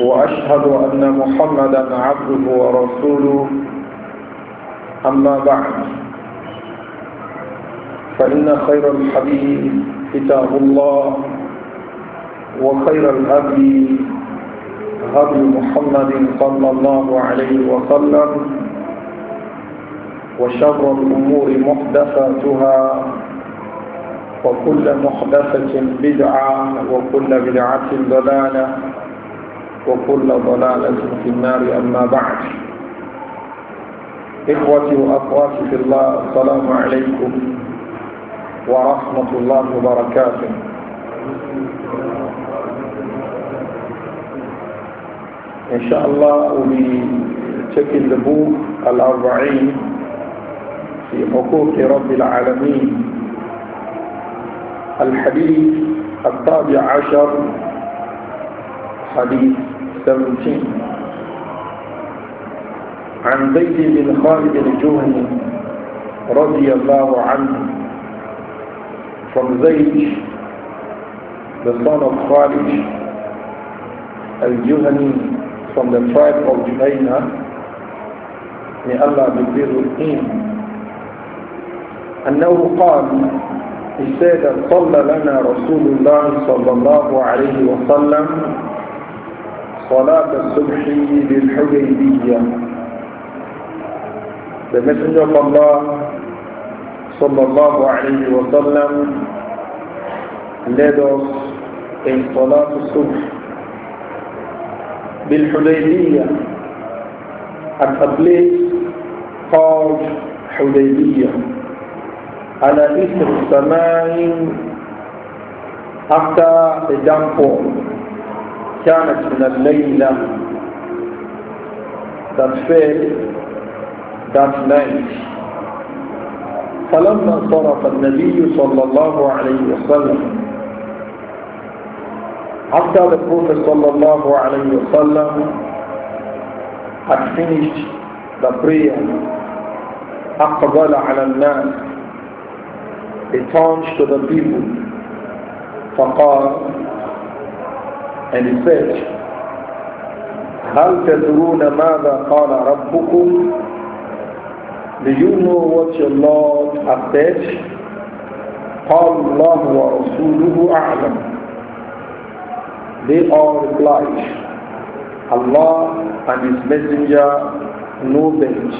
وأشهد أن محمدا عبده ورسوله أما بعد فإن خير الحديث كتاب الله وخير الهدي هدي محمد صلى الله عليه وسلم وشر الأمور محدثاتها وكل محدثة بدعة وكل بدعة ضلالة وكل ضلالة في النار أما بعد إخوتي وأخواتي في الله السلام عليكم ورحمة الله وبركاته إن شاء الله we taking the الأربعين في حقوق رب العالمين الحديث الطابع عشر حديث التمتين عن زيد بن خالد الجهني رضي الله عنه فرزيج لصنف خالد الجهني from the tribe of Jumayna may Allah be with him أنه قال he صلى لنا رسول الله صلى الله عليه وسلم صلاة الصبح بالحديبية The Messenger of Allah sallallahu alayhi wa sallam led us in Salat al-Subh bil-Hudaybiyah at a place called Hudaybiyah على إثر السماء after the downfall كانت من الليلة فيل تتفيل تتنعش فلما صرف النبي صلى الله عليه وسلم حتى الكوفة صلى الله عليه وسلم had finished the prayer أقبل على الناس he turned to the people فقال and he said, هل تدرون ماذا قال ربكم do you know what your Lord has said? قال الله ورسوله أعلم. They all replied, Allah and His Messenger know best.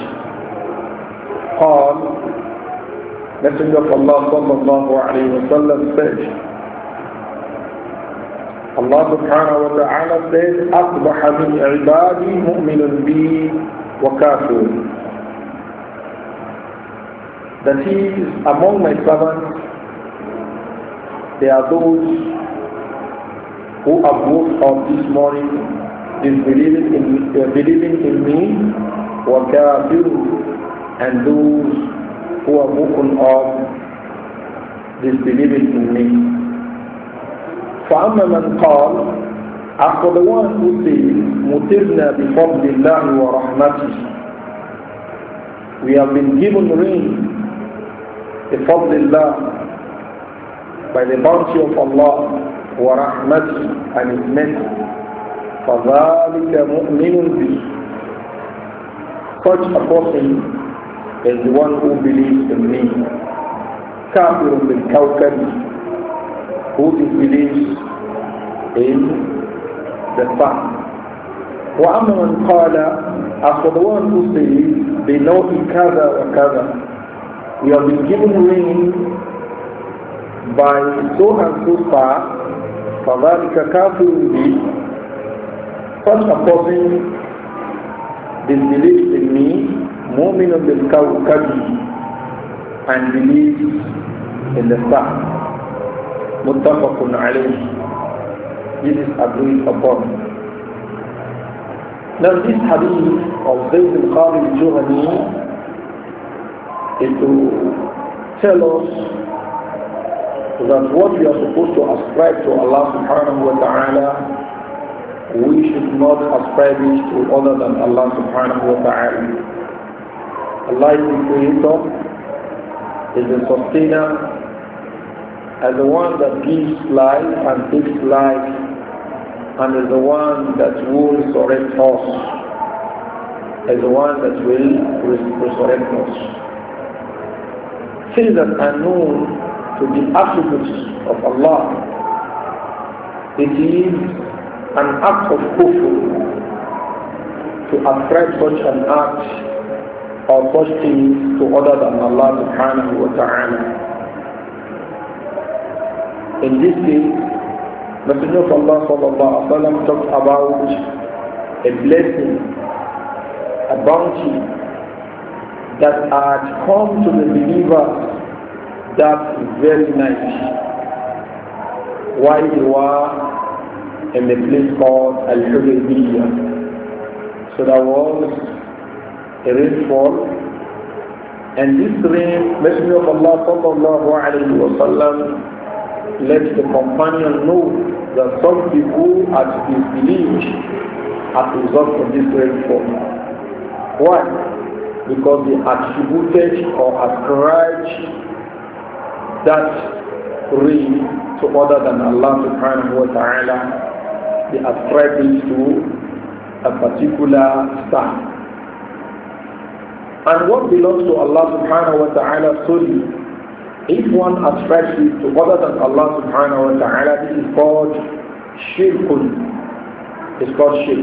قال Messenger of Allah صلى الله عليه وسلم said, Allah subhanahu wa ta'ala says, أَصْبَحَ مِنْ عِبَادِي مُؤْمِنٌ بِي وَكَافِرٌ That he is among my servants, there are those who have woke up this morning disbelieving believing in, uh, believing in me, وَكَافِرٌ And those who are woken up disbelieving in me. فأما من قال after the one who says مطرنا بفضل الله ورحمته we have been given rain بفضل الله by the bounty of Allah ورحمته and his mercy فذلك مؤمن به such a person is the one who believes in me كافر بالكوكب who disbelieves in the fact. وأما من قال as for the one who says they know إكذا وكذا we have been given rain by so and so far فذلك كافر به such a person disbelieves in me مؤمن بالكوكب and believes in the fact muttafaqun alayh this is agreed upon now this hadith of Zayd al-Qadi al-Juhani is to tell us that what we are supposed to ascribe to Allah subhanahu wa ta'ala we should not ascribe it to other than Allah subhanahu wa ta'ala. Allah is the creator, is the sustainer, as the one that gives life and takes life and as the one that will resurrect us as the one that will resurrect us. Things that are known to be attributes of Allah. It is an act of kufr to ascribe such an act or such things to other than Allah subhanahu wa ta'ala in this case, Messenger of Allah sallallahu alaihi wasallam talked about a blessing, a bounty that had come to the believer that very night while they were in the place called Al-Hudaybiyah. So there was a rainfall and this rain, Messenger of Allah sallallahu alayhi wa sallam let the companion know that some people at to village, believed as a result of this rainfall. Why? Because they attributed or ascribed that rain to other than Allah subhanahu wa ta'ala. They ascribed it to a particular star. And what belongs to Allah subhanahu wa ta'ala solely if one ascribes it to other than Allah subhanahu wa ta'ala, this is called shirkun. It's called shirk.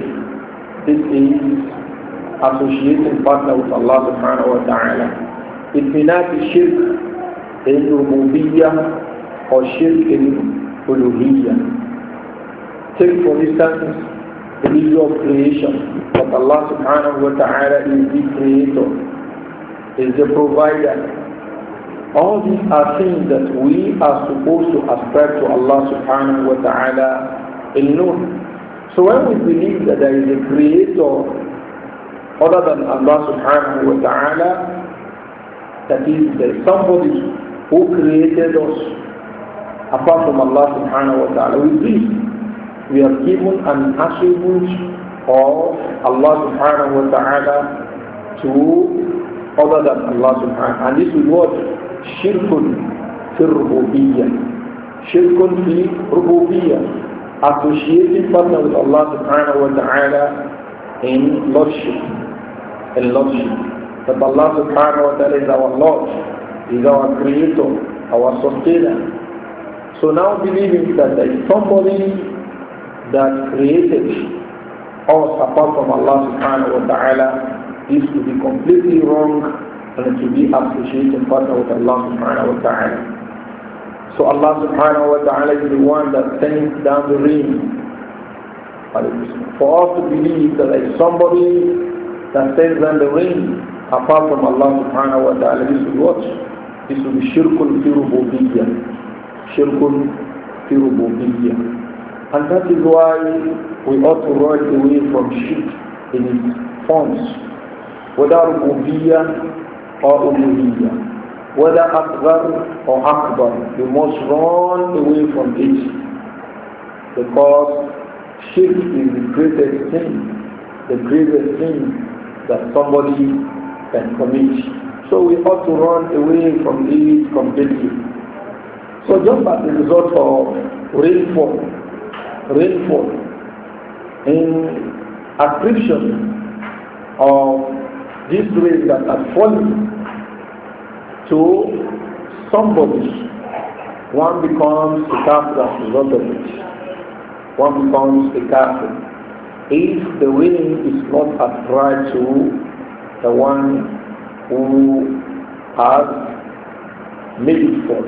This is associating partner with Allah subhanahu wa ta'ala. It may not be shirk in rububiyyah or shirk in uluhiyyah. Take for instance the issue of creation, that Allah subhanahu wa ta'ala is the creator, is the provider, all these are things that we are supposed to ascribe to Allah subhanahu wa ta'ala alone. So when we believe that there is a creator other than Allah subhanahu wa ta'ala, that is there is somebody who created us apart from Allah subhanahu wa ta'ala, we believe we are given an attribute of Allah subhanahu wa ta'ala to other than Allah subhanahu wa ta'ala. And this is what شرك في الربوبية شرك في ربوبية associating partner with Allah subhanahu wa ta'ala in lordship in lordship that Allah subhanahu wa ta'ala is our Lord is our creator our sustainer so now believing that there is somebody that created us apart from Allah subhanahu wa ta'ala is to be completely wrong and to be appreciated partner with Allah subhanahu wa ta'ala. So Allah subhanahu wa ta'ala is the one that sends down the rain. For us to believe that there is somebody that sends down the rain apart from Allah subhanahu wa ta'ala, this is what? This will be shirkun fi Shirkun fi And that is why we ought to run away from shirk in its forms, whether rububiyyah or uluhiyya. Whether akbar or akbar, you must run away from this because shirk is the greatest sin, the greatest sin that somebody can commit. So we ought to run away from this completely. So just as a result of rainfall, rainfall in ascription of this way that had fallen to somebody, one becomes a kafir as a result of it. One becomes a kafir. If the winning is not applied to the one who has made it fall,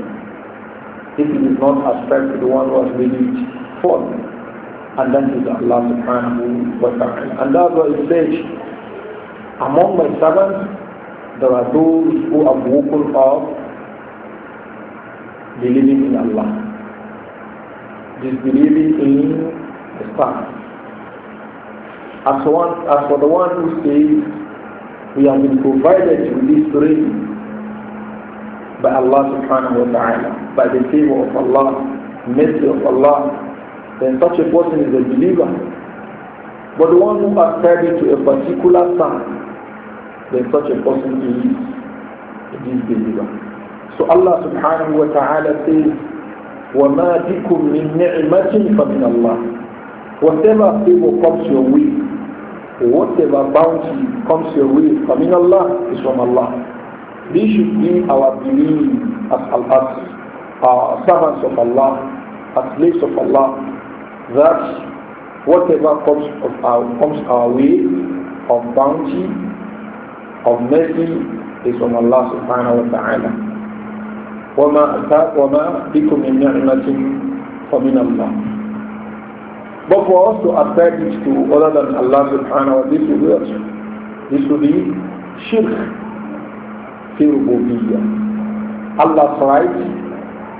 if it is not applied to the one who has made it fall, and that is Allah subhanahu wa ta'ala. And that's why it says, among my servants, there are those who have woken up believing in Allah, disbelieving in the stars. As, one, as for the one who says, we have been provided with this rain by Allah subhanahu wa ta'ala, by the favor of Allah, mercy of Allah, then such a person is a believer. But the one who ascribes to a particular sign then such a person is a disbeliever. So Allah subhanahu wa ta'ala says, وَمَا بِكُم مِّن نِعْمَةٍ فَمِنَ اللَّهِ Whatever favor comes your way, whatever bounty comes your way, فَمِنَ Allah is from Allah. This should be our belief as, as servants of Allah, as slaves of Allah, that whatever comes, of our, comes our way of bounty, of mercy is from Allah subhanahu wa ta'ala. وَمَا بِكُمْ مِنْ نِعْمَةٍ فَمِنَ اللَّهِ But for us to attract it to other than Allah subhanahu wa ta'ala, this will be, this will be shirk fi rububiyyah. Allah's right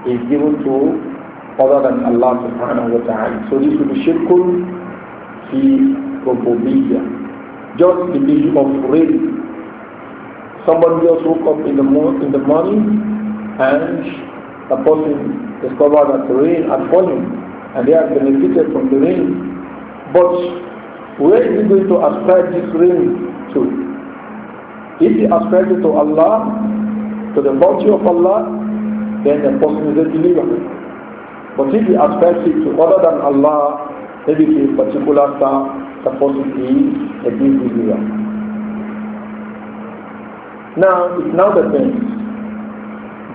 is given to other than Allah subhanahu wa ta'ala. So this will be shirkul fi rububiyyah. Just the issue of rain Somebody just woke up in the, in the morning and a person discovered that the rain had fallen and they have benefited from the rain. But where is he going to ascribe this rain to? If he ascribes it to Allah, to the bounty of Allah, then the person is a believer. But if he ascribes it to other than Allah, maybe to a particular star, the person is a disbeliever. Now, it's now thing.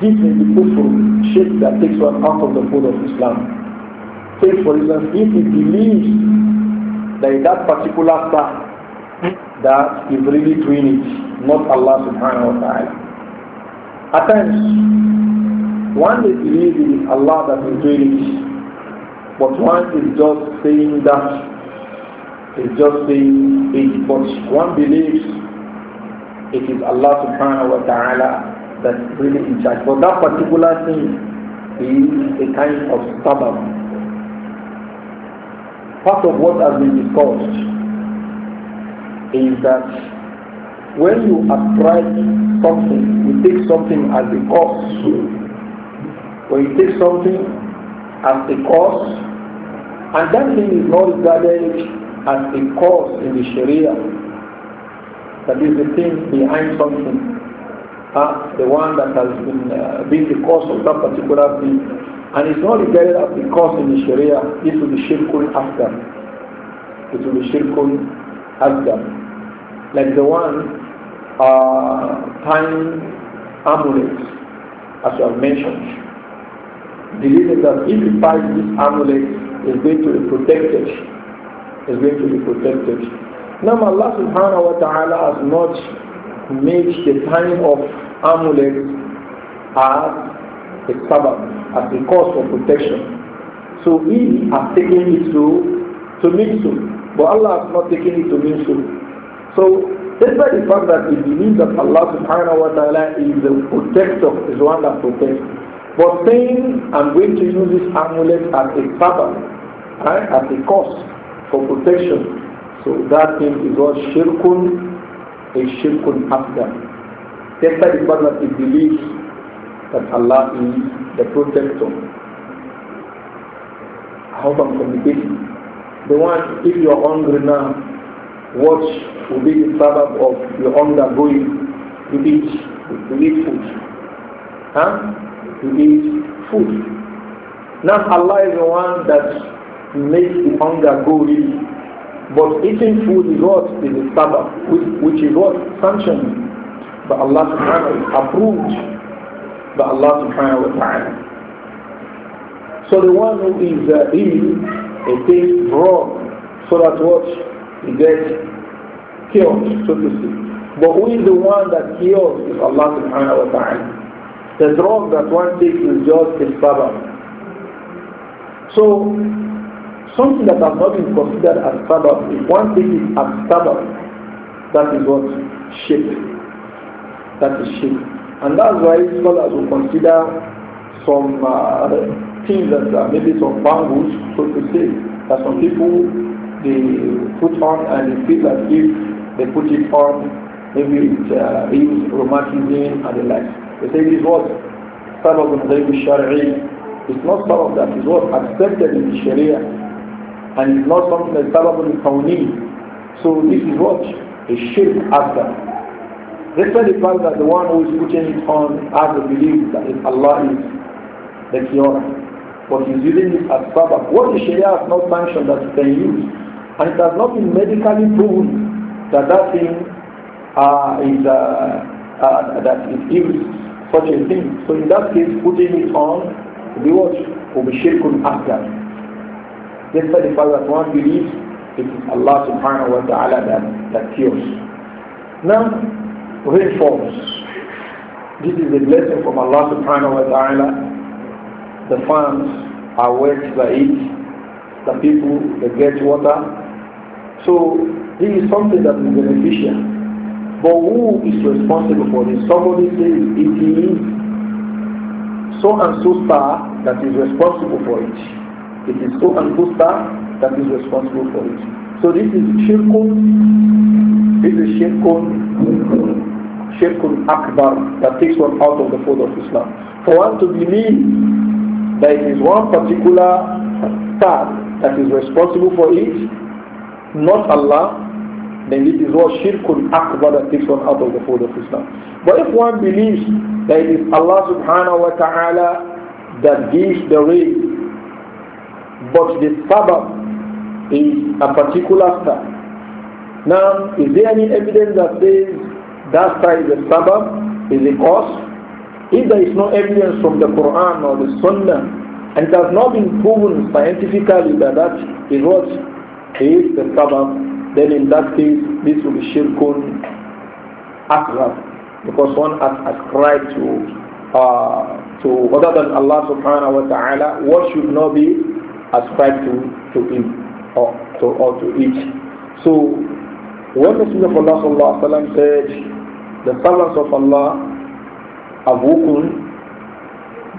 This is the kufr, shirk that takes one out of the fold of Islam. Take for instance, if he believes that that particular star that is really doing it, not Allah subhanahu wa ta'ala. At times, one is believing Allah that is doing it, but one is just saying that, is just saying it, but one believes it is Allah subhanahu wa ta'ala that's really in charge. For that particular thing is a kind of stubborn. Part of what has been discussed is that when you ascribe something, you take something as a cause. When you take something as a cause, and that thing is not regarded as a cause in the Sharia, that is the thing behind something. Uh, the one that has been, uh, been the cause of that particular thing. And it's not regarded as the cause in the Sharia. It will be shirkul asghar. It will be shirkul asghar. Like the one uh, tying amulets, as you have mentioned. Believing that if you tie this amulet, it's going to be protected. It's going to be protected. Now Allah subhanahu wa ta'ala has not made the time of amulet as a sabbath, as a cause for protection. So we are taking it to, to mean so. But Allah has not taken it to mean so. So despite the fact that we believe that Allah subhanahu wa ta'ala is the protector, is the one that protects. But saying I'm going to use this amulet as a sabbath, right, as a cause for protection so that thing is called shirkun a shirkun after. Despite the fact that he believes that Allah is the protector. I hope I'm communicating. The one, if you're hungry now, what will be the sabbath of your hunger going? You eat, you eat food. Huh? You eat food. Now Allah is the one that makes the hunger go away. But eating food is what is a sabbath, which, which is what sanctioned by Allah subhanahu wa ta'ala, approved by Allah subhanahu wa ta'ala. So the one who is uh, ill, he takes raw, so that what he gets killed, so to speak. But who is the one that kills is Allah subhanahu wa ta'ala. The drug that one takes is just a sabbath. So something that has not been considered as sabbath, if one thing is as sabbath, that is what? Shape. That is shape. And that's why scholars will consider some uh, things that are maybe some bangles, so to say, that some people they put on and they feel that if they put it on, maybe it uh, is romanticism and the like. They say this was sabbath al the al It's not sabbath that is what accepted in the Sharia and it's not something that's Sababul Kauni. So this is what? A shirk after. Despite the fact that the one who is putting it on has a belief that if Allah is the cure, but he's using it as Sabab. What the Sharia has not sanctioned that they can use, and it has not been medically proven that that thing uh, is uh, uh, that is such a thing. So in that case, putting it on the watch Will be shirkun after. Despite the fact one believes it is Allah subhanahu wa ta'ala that, that cures. Now, rainfalls. This is a blessing from Allah subhanahu wa ta'ala. The farms are wet by it. The people, they get water. So, this is something that is beneficial. But who is responsible for this? Somebody says it is so and so star that is responsible for it. It is so and that is responsible for it. So this is shirkun. This is shirkun. Shirkun akbar that takes one out of the fold of Islam. For one to believe that it is one particular star that is responsible for it, not Allah, then it is what shirkun akbar that takes one out of the fold of Islam. But if one believes that it is Allah subhanahu wa ta'ala that gives the rain but the sabbath is a particular star. Now, is there any evidence that says that star is a sabbath, is a cause? If there is no evidence from the Quran or the Sunnah, and it has not been proven scientifically that that is what is the sabbath, then in that case, this will be shirkun akbar, because one has ascribed to uh, to other than Allah subhanahu wa ta'ala what should not be ascribed to, to him or to, or to it. So when the Messenger of Allah said, the servants of Allah have woken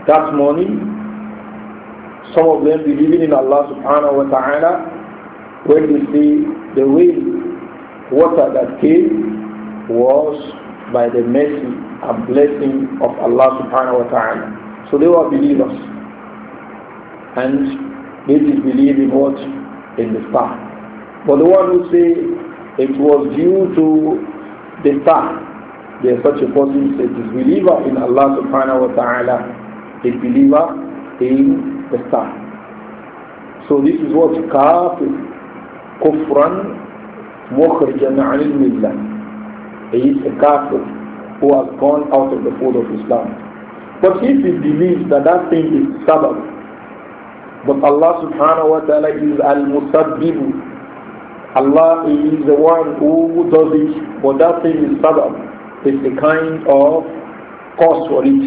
that morning, some of them believing in Allah subhanahu wa ta'ala, when they see the rain, water that came was by the mercy and blessing of Allah subhanahu wa ta'ala. So they were believers. And this is believing what? In the star. But the one who say it was due to the star, there is such a person who says disbeliever in Allah subhanahu wa ta'ala, a believer in the star. So this is what kafir, kufran, mukhrijan al millah. He is a kafir who has gone out of the fold of Islam. But if he believes that that thing is sabbath, but Allah subhanahu wa ta'ala is al-musabbibu. Allah is the one who does it, but that thing is sabab. It's a kind of cause for it.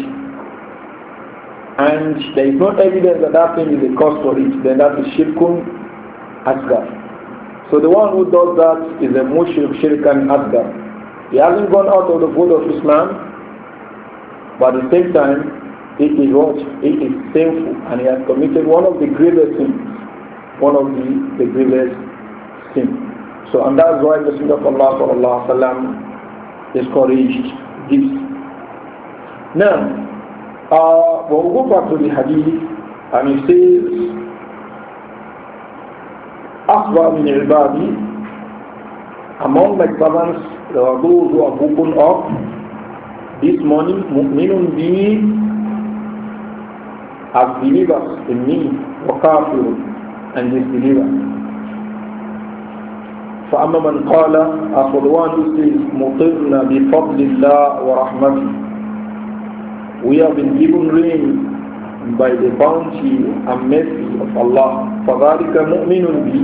And there is no evidence that that thing is a cause for it, then that is shirkun asgar. So the one who does that is a mushrik Shirkun asgar. He hasn't gone out of the fold of Islam, but at the same time, he is what? He is sinful and he has committed one of the gravest sins. One of the, the gravest sins. So and that's why the Messenger of Allah sallallahu alayhi wa sallam discouraged this. Now, uh, when we go back to the hadith and it says, أصبح min عبادي among my servants there are those who have woken up this morning mu'minun bi as believers in me وكافر and disbeliever. فأما من قال as for the one who says مطرنا بفضل الله ورحمته we have been given rain by the bounty and mercy of Allah. فَذَلِكَ مُؤْمِنٌ بِي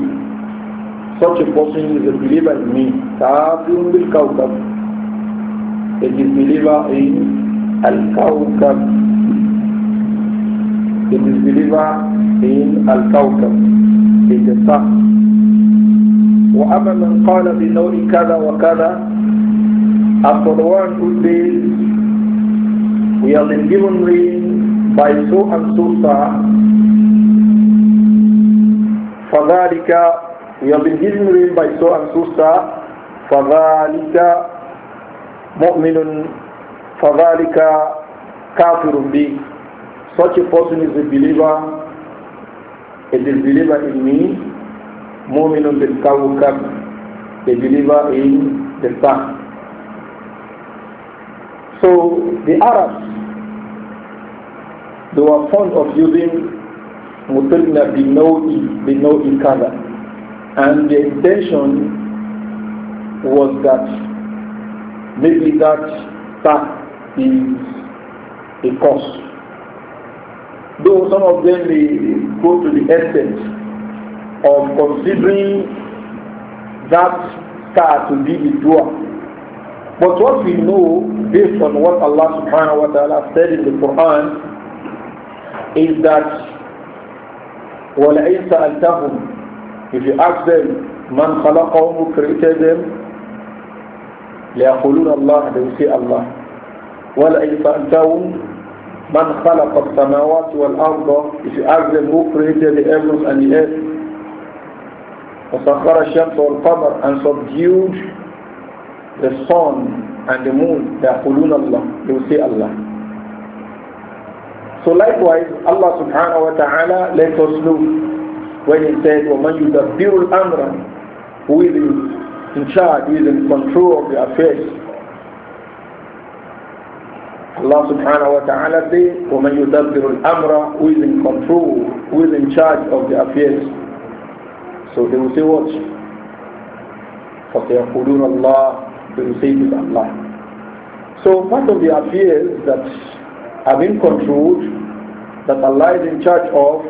Such a person is a believer in me. كَافِرٌ بِالْكَوْكَبِ A disbeliever in al-kawkab. it is disbeliever in Al-Kawkab, in the sun. وأما من قال بنوع كذا وكذا and for the one who says we have been given rain by so and so star فذلك we have been given rain by so and so star فذلك مؤمن فذلك كافر به Such a person is a believer, a disbeliever in me, mu'minun bil kawkab, a believer in the sun. So the Arabs, they were fond of using mutalna bino'i, bino'i kada. And the intention was that maybe that tax is a cost Though some of them may go to the extent of considering that star to be the dua. But what we know based on what Allah subhanahu wa ta'ala said in the Quran is that وَلَئِنْ سَأَلْتَهُمْ If you ask them, من خلقهم who created them ليقولون الله they will say Allah وَلَئِنْ سَأَلْتَهُمْ Man khalaqa samawati wal arda. If you ask them who created the heavens and the earth, وَسَخَّرَ الشَّمْسَ وَالْقَمَرَ and subdued the sun and the moon, يَقُولُونَ اللَّهِ They will say Allah. So likewise, Allah subhanahu wa ta'ala let us know when He said, وَمَنْ يُدَبِّرُ الْأَمْرَ Who is in charge, who is in control of the affairs Allah subhanahu wa ta'ala says, وَمَنْ يُدَبِّرُ الْأَمْرَ Who is in control, who is in charge of the affairs. So they will say what? فَسَيَقُولُونَ اللَّهِ They will say it is Allah. So part of the affairs that are being controlled, that Allah is in charge of,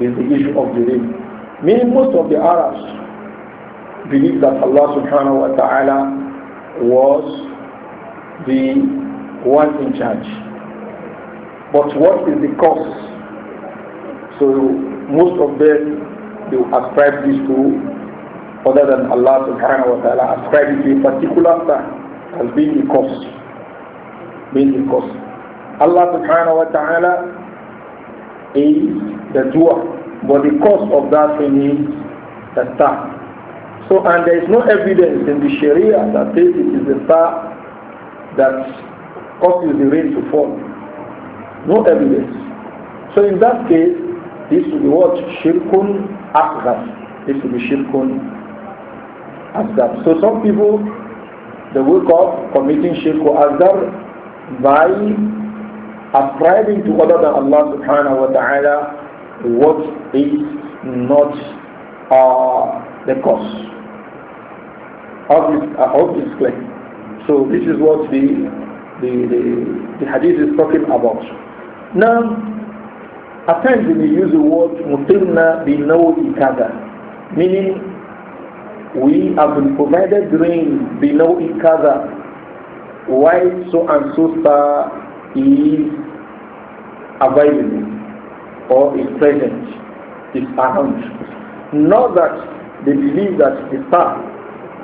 is the issue of the deen. Meaning most of the Arabs believe that Allah subhanahu wa ta'ala was the one in charge. But what is the cause? So most of them they ascribe this to other than Allah subhanahu wa ta'ala, ascribe it to a particular time as being the cause. Being the cause. Allah subhanahu wa ta'ala is the doer, but the cause of that thing is the star. So, and there is no evidence in the Sharia that this is the star that will the rain to fall. No evidence. So in that case, this will be what? Shirkun Asghar. This will be Shirkun Asghar. So some people, they wake up committing Shirkun Asghar by ascribing to other than Allah subhanahu wa ta'ala what is not uh, the cause of this, uh, of this claim. So this is what the the, the, the hadith is talking about. Now, at times we use the word bi binawi kada, meaning we have been provided rain binawi kada, why so and so star is available or is present, is around. Not that they believe that the star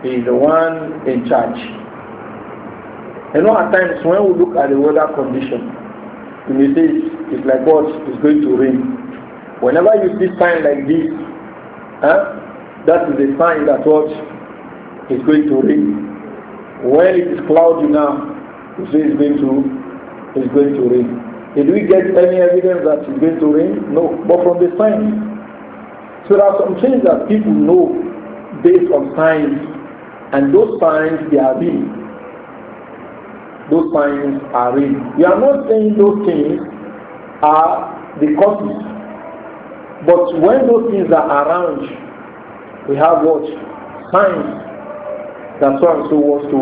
is the one in charge. You know, at times when we look at the weather condition, you may say it's, like what is going to rain. Whenever you see sign like this, huh, that is a sign that what is going to rain. When it is cloudy now, you say it's going to it's going to rain. Did we get any evidence that it's going to rain? No, but from the signs. So there are some things that people know based on signs, and those signs they are being those signs are real. We are not saying those things are the causes. But when those things are around, we have what? Signs that so and so was to,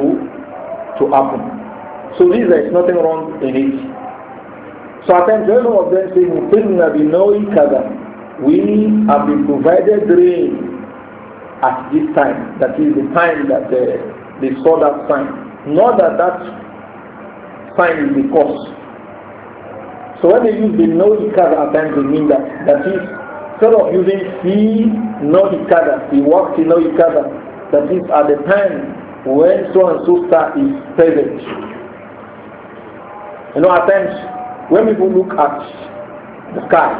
to happen. So this there is nothing wrong in it. So at times one of them saying, We have been provided rain at this time. That is the time that they, uh, they saw that sign. Not that that find the cause. So when they use the no-ikada at times, they mean that. That is, instead of using fi no-ikada, the work fi no-ikada, that is at the time when so and so star is present. You know, at times, when people look at the sky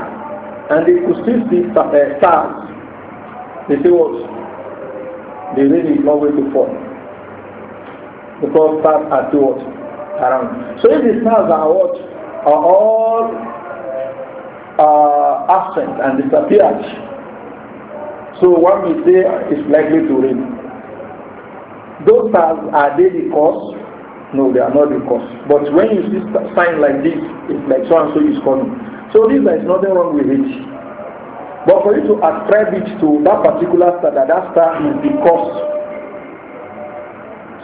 and they could see these uh, stars, they say what? The rain is not going to fall. Because stars are too hot." around. So if the stars are what are all uh, absent and disappeared, so one may say it's likely to rain. Those stars are they the cause? No, they are not the cause. But when you see a sign like this, it's like so and so is coming. So this there is nothing wrong with it. But for you to ascribe it to that particular star, that, that star is the cause.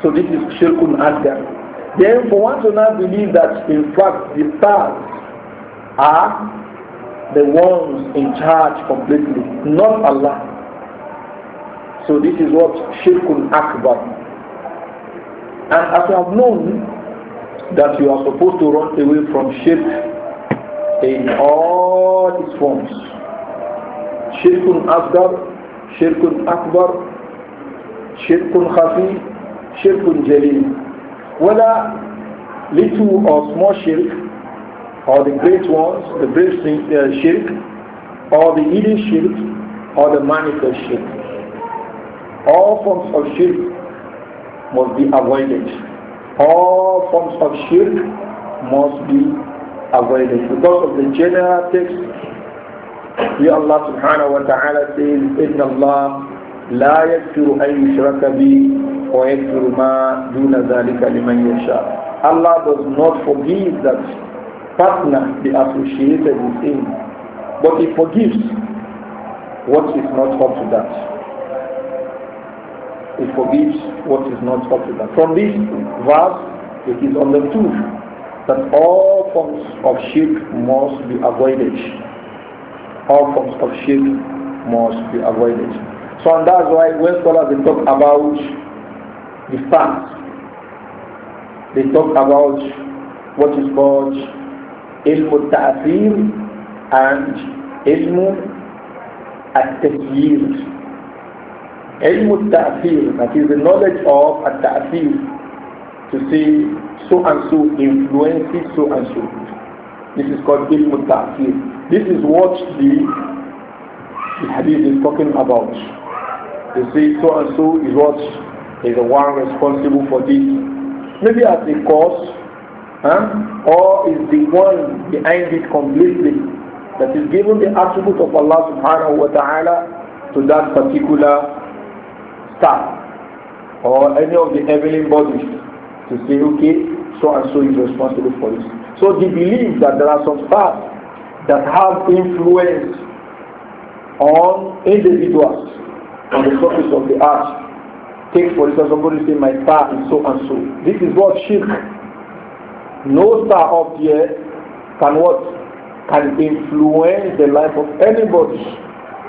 So this is Shirkun Adgar. Then for one to not believe that in fact the stars are the ones in charge completely, not Allah. So this is what Shirkun Akbar. And as you have known that you are supposed to run away from shirk in all its forms. Shirkun Asgar, Shirkun Akbar, Shirkun Khafi, Shirkun Jalil whether little or small shirk, or the great ones, the great sin, uh, shirk, or the hidden shirk, or the manifest shirk. All forms of shirk must be avoided. All forms of shirk must be avoided because of the general text. We, Allah subhanahu wa ta'ala says, إِنَّ اللَّهَ لا أن يشرك ما دون ذلك لمن يشاء Allah does not forgive that partner be associated with him but he forgives what is not up to that he forgives what is not up to that from this verse it is understood that all forms of shirk must be avoided all forms of shirk must be avoided so and that's why when scholars they talk about the fact, they talk about what is called ilm ta'fir and ilm at-tasyir. Ilm ta'fir, that is the knowledge of at-ta'fir, to say so and so influences so and so. This is called ilm ta'fir. This is what the, the hadith is talking about you say so and so is what is the one responsible for this. Maybe as a cause, huh? or is the one behind it completely that is given the attribute of Allah subhanahu wa ta'ala to that particular star or any of the heavenly bodies to say, okay, so and so is responsible for this. So they believe that there are some stars that have influence on individuals on the surface of the earth. Take for instance somebody say my star is so and so. This is what shirk. No star up here can what? Can influence the life of anybody.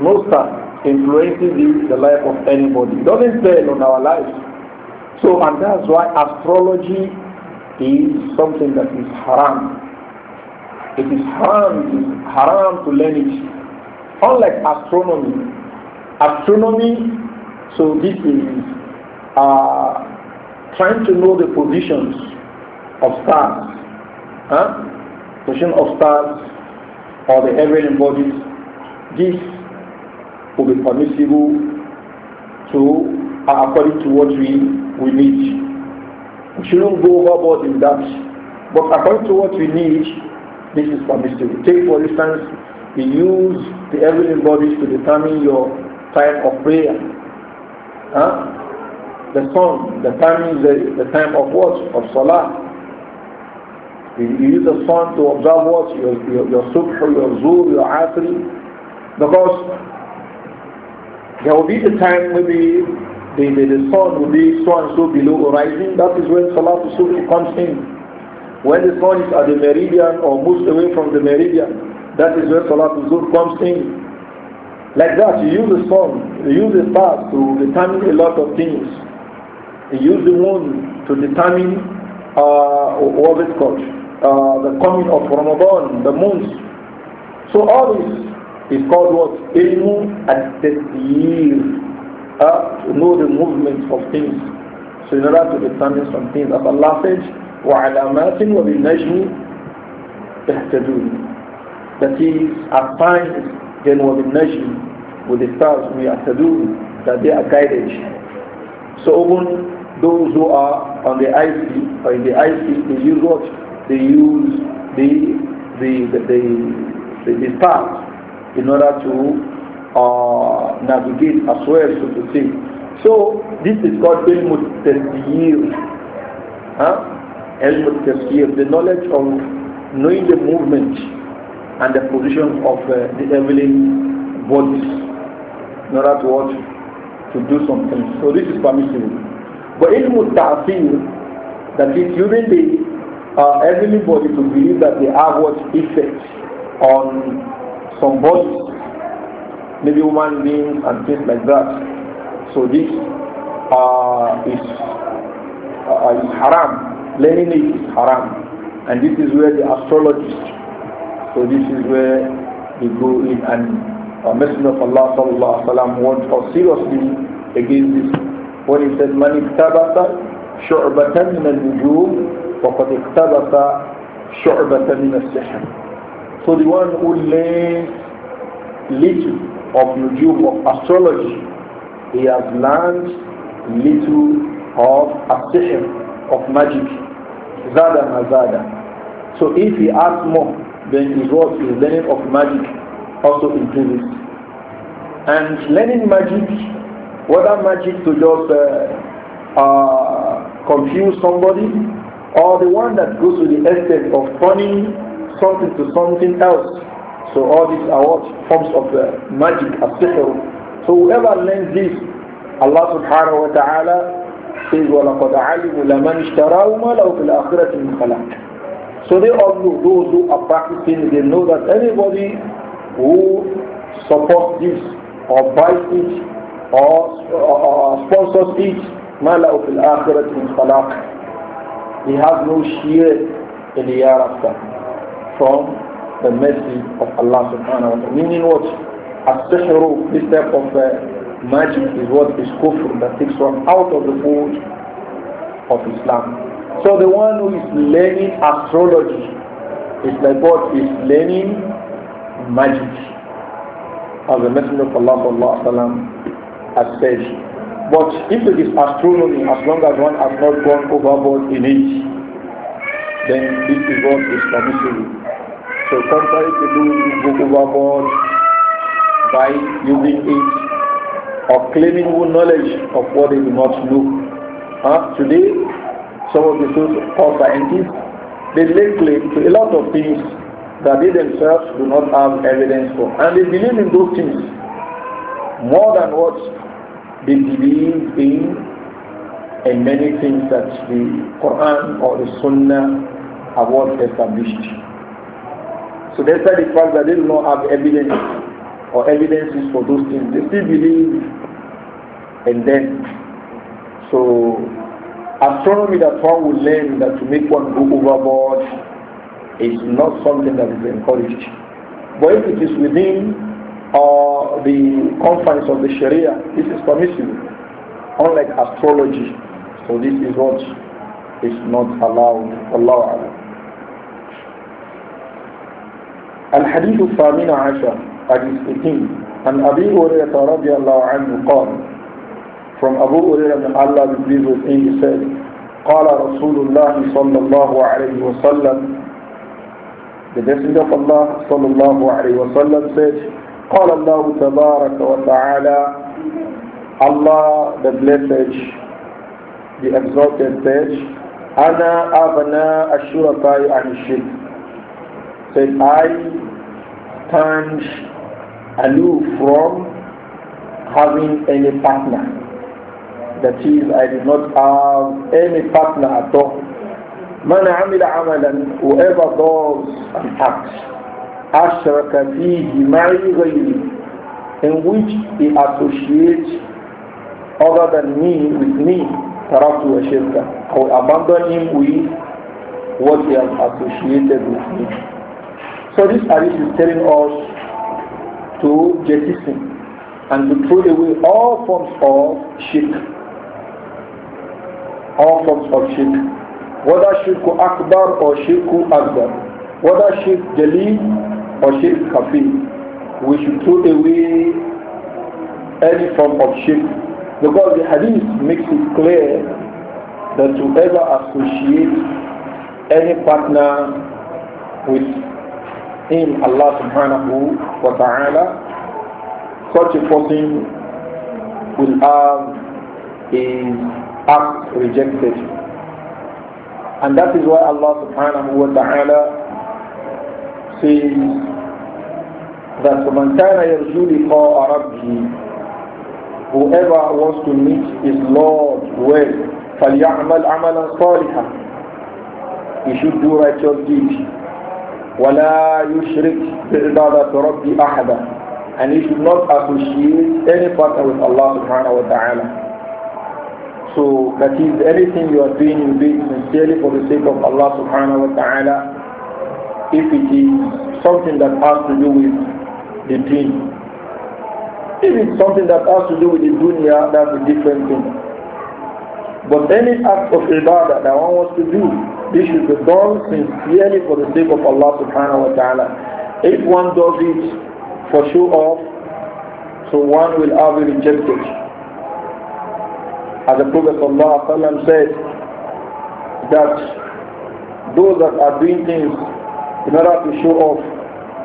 No star influencing the, the life of anybody. It doesn't tell on our lives. So and that's why astrology is something that is haram. It is haram, it is haram to learn it. Unlike astronomy, astronomy. So this is uh, trying to know the positions of stars, huh? position of stars or the heavenly bodies. This will be permissible to uh, according to what we we need. We shouldn't go overboard in that, but according to what we need, this is permissible. Take for instance, we use the heavenly bodies to determine your time of prayer. Huh? The sun, the time is the, the time of what? Of salah. You, use the sun to observe what? Your, your, your subh, your zuhr, your asri. Because there will be the time maybe the, the, the sun will be so and so below horizon. That is when salah to subh comes in. When the sun is at the meridian or moves away from the meridian, that is where salah to zuhr comes in. Like that, you use the sun, you use the stars to determine a lot of things. You use the moon to determine uh, what is called uh, the coming of Ramadan, the moons. So all this is called what? Ilmu at the uh, to know the movement of things. So in order to determine some things, as Allah says, وَعَلَامَاتٍ وَبِالنَّجْمِ تهتدون that is a times then وبالنجم with the stars we are Yahtadun, that they are guided. So even those who are on the IC or in the IC, they use what? They use the the the the, the, the stars in order to uh, navigate as well, so to say. So this is called ilmu tasbir, huh? ilmu the knowledge of knowing the movement and the position of uh, the heavenly bodies in order to what? To do something. So this is permissible. But ilmu ta'fir, that is using the uh, heavenly body to believe that they have what effect on some bodies, maybe human beings and things like that. So this uh, is, uh, is haram. Learning it is haram. And this is where the astrologists, so this is where they go in and the Messenger of Allah sallallahu alaihi wasallam warned us seriously against this when he said, "Man iktabata shu'batan min al-nujum, faqad iktabata shu'batan min al-sihr." So the one who learns little of nujum of astrology, he has learned little of asihr of magic. Zada mazada. So if he asks more, then his what is learning of magic also include it. And learning magic, whether magic to just uh, uh, confuse somebody, or the one that goes to the extent of turning something to something else. So all these are what forms of uh, magic of sihr. So whoever learns this, Allah subhanahu wa ta'ala says, وَلَقَدْ عَلِمُوا لَمَنْ اشْتَرَاهُ مَا لَهُ فِي الْآخِرَةِ مِنْ خَلَقٍ So they all know, those who are practicing, they know that anybody who supports this or buys it or, or sponsors it, مَلَأُ فِي الْآخِرَةِ مِنْ خَلَاقٍ He has no share in the hereafter from the mercy of Allah subhanahu wa ta'ala. Meaning what? As-sihru, this type of uh, magic is what is kufr that takes one out of the fold of Islam. So the one who is learning astrology is like what is learning magic, as the Messenger of Allah وسلم, has said. But if it is astronomy, as long as one has not gone overboard in it, then this is what is permissible. So contrary to doing who go overboard by using it or claiming knowledge of what they do not know. Huh? Today, some of the so-called scientists, they lay claim to a lot of things that they themselves do not have evidence for. And they believe in those things more than what they believe in and many things that the Quran or the Sunnah have what established. So that's why the fact that they do not have evidence or evidences for those things, they still believe and then so astronomy that one will learn that to make one go overboard is not something that is encouraged. But if it is within uh, the confines of the Sharia, this is permissible, unlike astrology. So this is what is not allowed. Allah Alam. الحديث الثامن عشر حديث 18 عن أبي هريرة رضي الله عنه قال from Abu Hurairah من Allah be pleased with he said قال رسول الله صلى الله عليه وسلم the Messenger of Allah sallallahu alayhi wa sallam said, قال الله تبارك وتعالى Allah the blessed, the exalted said, Ana abna ashurakai anishik. Said, I stand aloof from having any partner. That is, I did not have any partner at all. Man amila amalan, whoever does an act, ashraka fihi ma'i in which he associates other than me with me, taraktu wa shirka. abandon him with what he has associated with me. So this hadith is telling us to jettison and to throw away all forms of shirk. All forms of shirk whether shirku akbar or shirku akbar, whether shirk jali or shirk kafir. We should throw away any form of shirk because the hadith makes it clear that whoever associates any partner with him, Allah subhanahu wa ta'ala, such a person will have his act rejected. And that is why Allah subhanahu wa ta'ala says that فَمَنْ كَانَ يَرْجُو لِقَاءَ رَبِّهِ Whoever wants to meet his Lord well, فَلْيَعْمَلْ عَمَلًا صَالِحًا He should do righteous deeds. وَلَا يُشْرِكْ بِعْبَادَةِ رَبِّ أَحَدًا And he should not associate any partner with Allah subhanahu wa ta'ala. So that is everything you are doing, will be sincerely for the sake of Allah subhanahu wa ta'ala. If it is something that has to do with the deen. If it's something that has to do with the dunya, that's a different thing. But any act of ibadah that one wants to do, this should be done sincerely for the sake of Allah subhanahu wa ta'ala. If one does it for show off, so one will have rejected. As the Prophet ﷺ said, that those that are doing things in order to show off,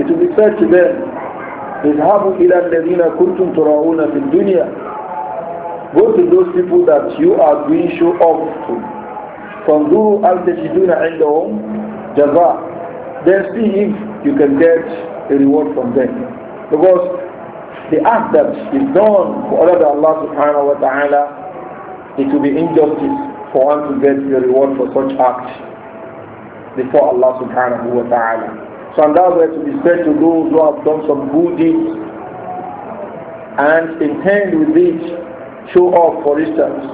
it will be said to them, اذهبوا إلى الذين كنتم تراؤون fi الدنيا Go to those people that you are doing show off to. فانظروا al تجدون عندهم جزاء Then see if you can get a reward from them. Because the act that is done for Allah subhanahu wa ta'ala it will be injustice for one to get the reward for such act before Allah subhanahu wa ta'ala. So and that's why to be said to those who have done some good deeds and intend with it show off for instance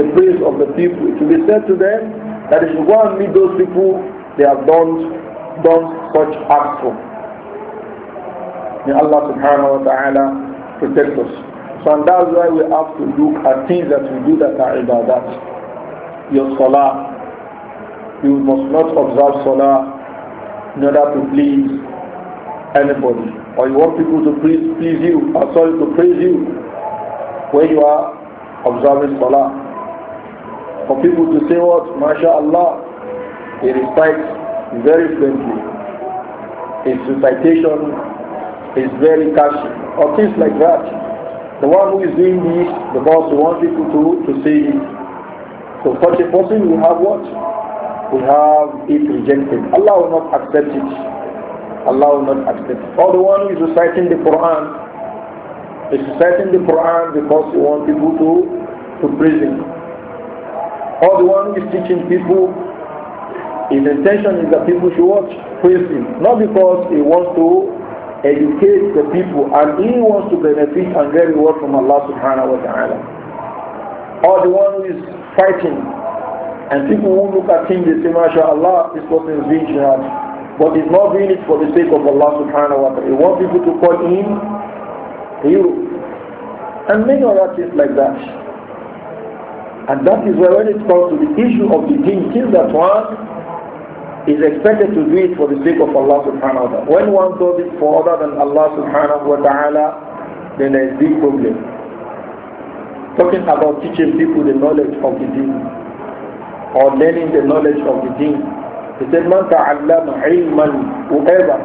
the praise of the people. It will be said to them that if you go and meet those people they have done done such acts for. May Allah subhanahu wa ta'ala protect us. So and that's why we have to look at things that we do that are ibadat. Your salah, you must not observe salah in order to please anybody. Or you want people to please, please you, or uh, sorry, to praise you when you are observing salah. For people to say what, MashaAllah, he recites very fluently. His recitation is very catchy, or things like that. The one who is doing this, the boss who wants people to, to see it. So such a person will have what? Will have it rejected. Allah will not accept it. Allah will not accept it. Or the one who is reciting the Quran, is reciting the Quran because he wants people to, to him. Or the one who is teaching people his intention is that people should watch praise him, not because he wants to Educate the people and he wants to benefit and get reward from Allah subhanahu wa ta'ala. Or the one who is fighting and people who look at him they say, MashaAllah, this person is being jihad. But he's not doing it for the sake of Allah subhanahu wa ta'ala. He wants people to call him you. And many other things like that. And that is where when it comes to the issue of the deen, kill that one is expected to do it for the sake of Allah subhanahu wa ta'ala. When one does it for other than Allah subhanahu wa ta'ala, then there is big problem. Talking about teaching people the knowledge of the deen or learning the knowledge of the deen. He said, Man ta'allama ilman, whoever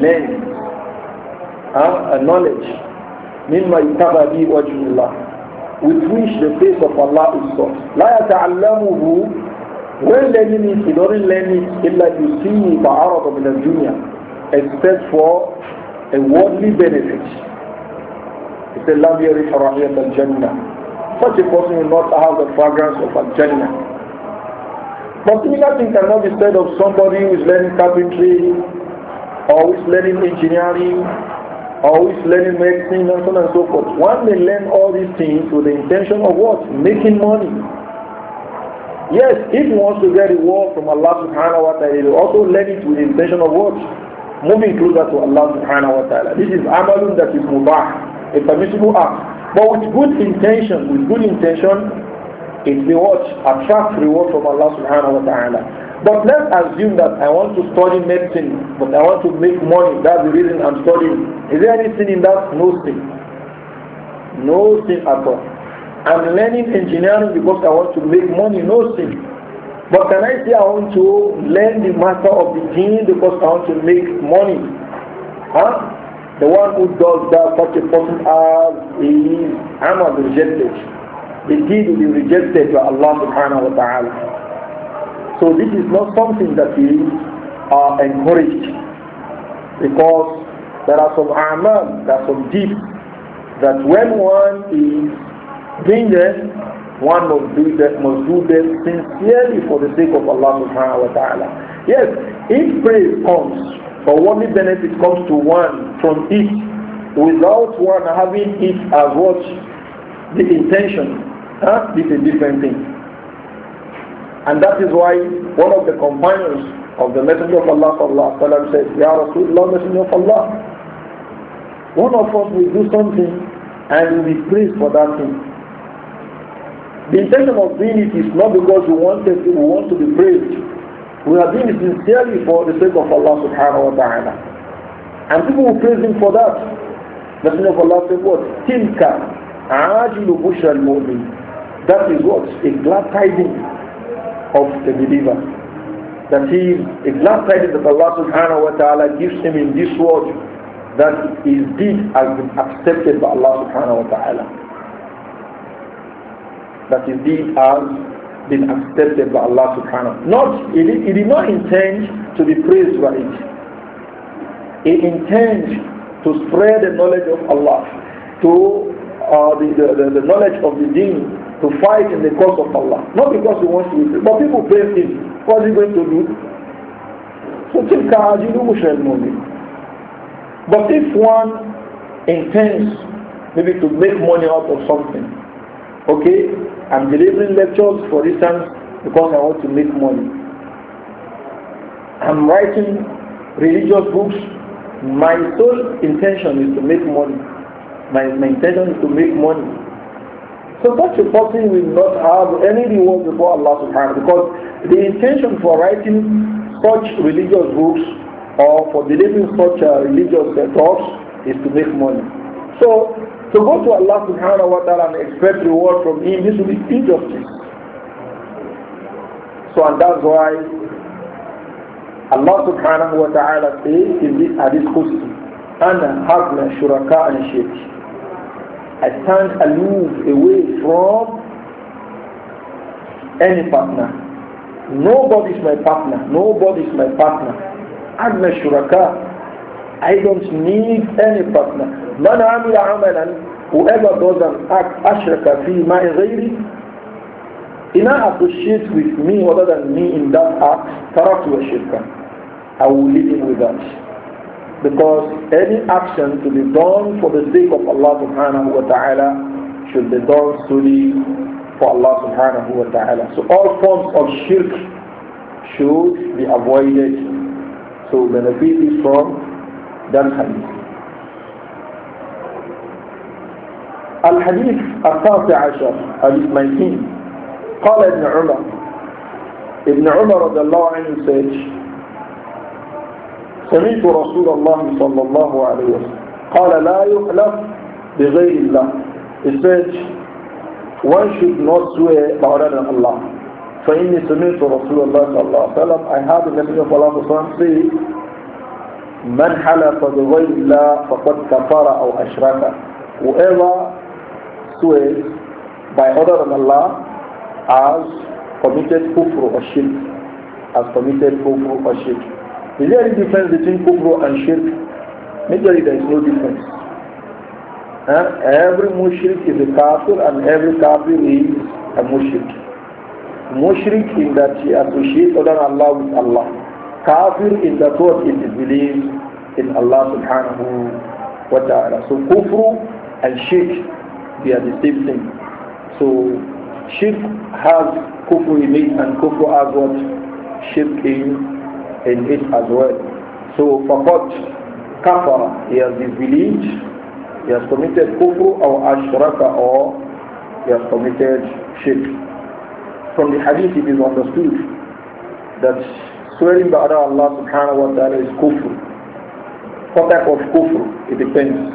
learns huh, a knowledge, mimma yutaba bi wajhullah, with which the face of Allah is sought. لا يتعلمه when learning it, he doesn't learn it in the Arab of the dunya except for a worldly benefit. He said, lam yarih rahiyat al-jannah. Such a person will not have the fragrance of al-jannah. But similar thing cannot be said of somebody who is learning carpentry, or who is learning engineering, or who is learning medicine, and so on and so forth. One may learn all these things with the intention of what? Making money. Yes, if he wants to get reward from Allah subhanahu wa ta'ala, he will also learn it with the intention of what? Moving closer to Allah subhanahu wa ta'ala. This is amalun that is mubah, a permissible act. But with good intention, with good intention, it rewards, attracts reward from Allah subhanahu wa ta'ala. But let's assume that I want to study medicine, but I want to make money, that's the reason I'm studying. Is there anything in that? No sin. No sin at all. I'm learning engineering because I want to make money, no sin. But can I say I want to learn the matter of the gene because I want to make money? Huh? The one who does that, such a person as his amal rejected. The deed will be rejected by Allah subhanahu wa ta'ala. So this is not something that we are encouraged because there are some amal, there are some deeds that when one is doing them, one must do that must do sincerely for the sake of Allah subhanahu wa ta'ala. Yes, if praise comes or only benefit comes to one from it without one having it as what the intention, huh? it's a different thing. And that is why one of the companions of the Messenger of Allah said, alayhi wa sallam says, Ya Rasulullah, Messenger of Allah, one of us will do something and will be praised for that thing. The intention of doing it is not because we want to, we want to be praised. We are doing it sincerely for the sake of Allah subhanahu wa ta'ala. And people will praise him for that. The Messenger of Allah said what? Tilka ajilu bushra al-mu'min. That is what? A glad tidings of the believer. That he is a glad tidings that Allah subhanahu wa ta'ala gives him in this world that his deed has been accepted by Allah subhanahu wa ta'ala that his deed has been accepted by Allah subhanahu Not he did, he did not intend to be praised by it. He intends to spread the knowledge of Allah, to uh, the, the, the, knowledge of the deen, to fight in the cause of Allah. Not because he wants to be praised, but people praise him. What is he going to do? So but if one intends maybe to make money out of something, okay, I'm delivering lectures, for instance, because I want to make money. I'm writing religious books. My sole intention is to make money. My, my intention is to make money. So such a person will not have any reward before Allah subhanahu because the intention for writing such religious books or for delivering such uh, religious talks is to make money. So to go to Allah subhanahu wa ta'ala and expect reward from him, this will be injustice. So and that's why Allah subhanahu wa ta'ala says in this hadith Qudsi, أَنَا حَبْنَا شُرَكَاءً شِرْكِ I stand aloof away from any partner. Nobody is my partner. Nobody is my partner. أَنَا شُرَكَاءً I don't need any partner. من عمل عملا whoever does an act Ashraka fi my غيري he now associates with me other than me in that act wa الشرك I will leave him with that because any action to be done for the sake of Allah subhanahu wa ta'ala should be done solely for Allah subhanahu wa ta'ala. So all forms of shirk should be avoided. So benefit is from ده الحديث الحديث التاسع عشر حديث ميتين قال ابن عمر ابن عمر رضي الله عنه said سمعت رسول الله صلى الله عليه وسلم قال لا يحلف بغير الله He one should not swear by other than Allah فإني سمعت رسول الله صلى الله عليه وسلم I heard the Messenger of Allah say من حلف بغير الله فقد كفر أو أشرك whoever swears by other than Allah has committed kufr or shirk has committed kufr or shirk is there any difference between kufr and shirk majorly there is no difference huh? every mushrik is a kafir and every kafir is a mushrik mushrik in that he associates other than Allah with Allah Kafir is that what is belief in Allah subhanahu wa ta'ala. So kufr and shirk, they are the same thing. So shirk has kufr in it and kufr has what? Shirk in, in it as well. So faqat kafara, he has disbelieved, he has committed kufr or ashraka or he has committed shirk. From the hadith it is understood that Swearing by other Allah subhanahu wa ta'ala is kufr. What type of kufr? It depends.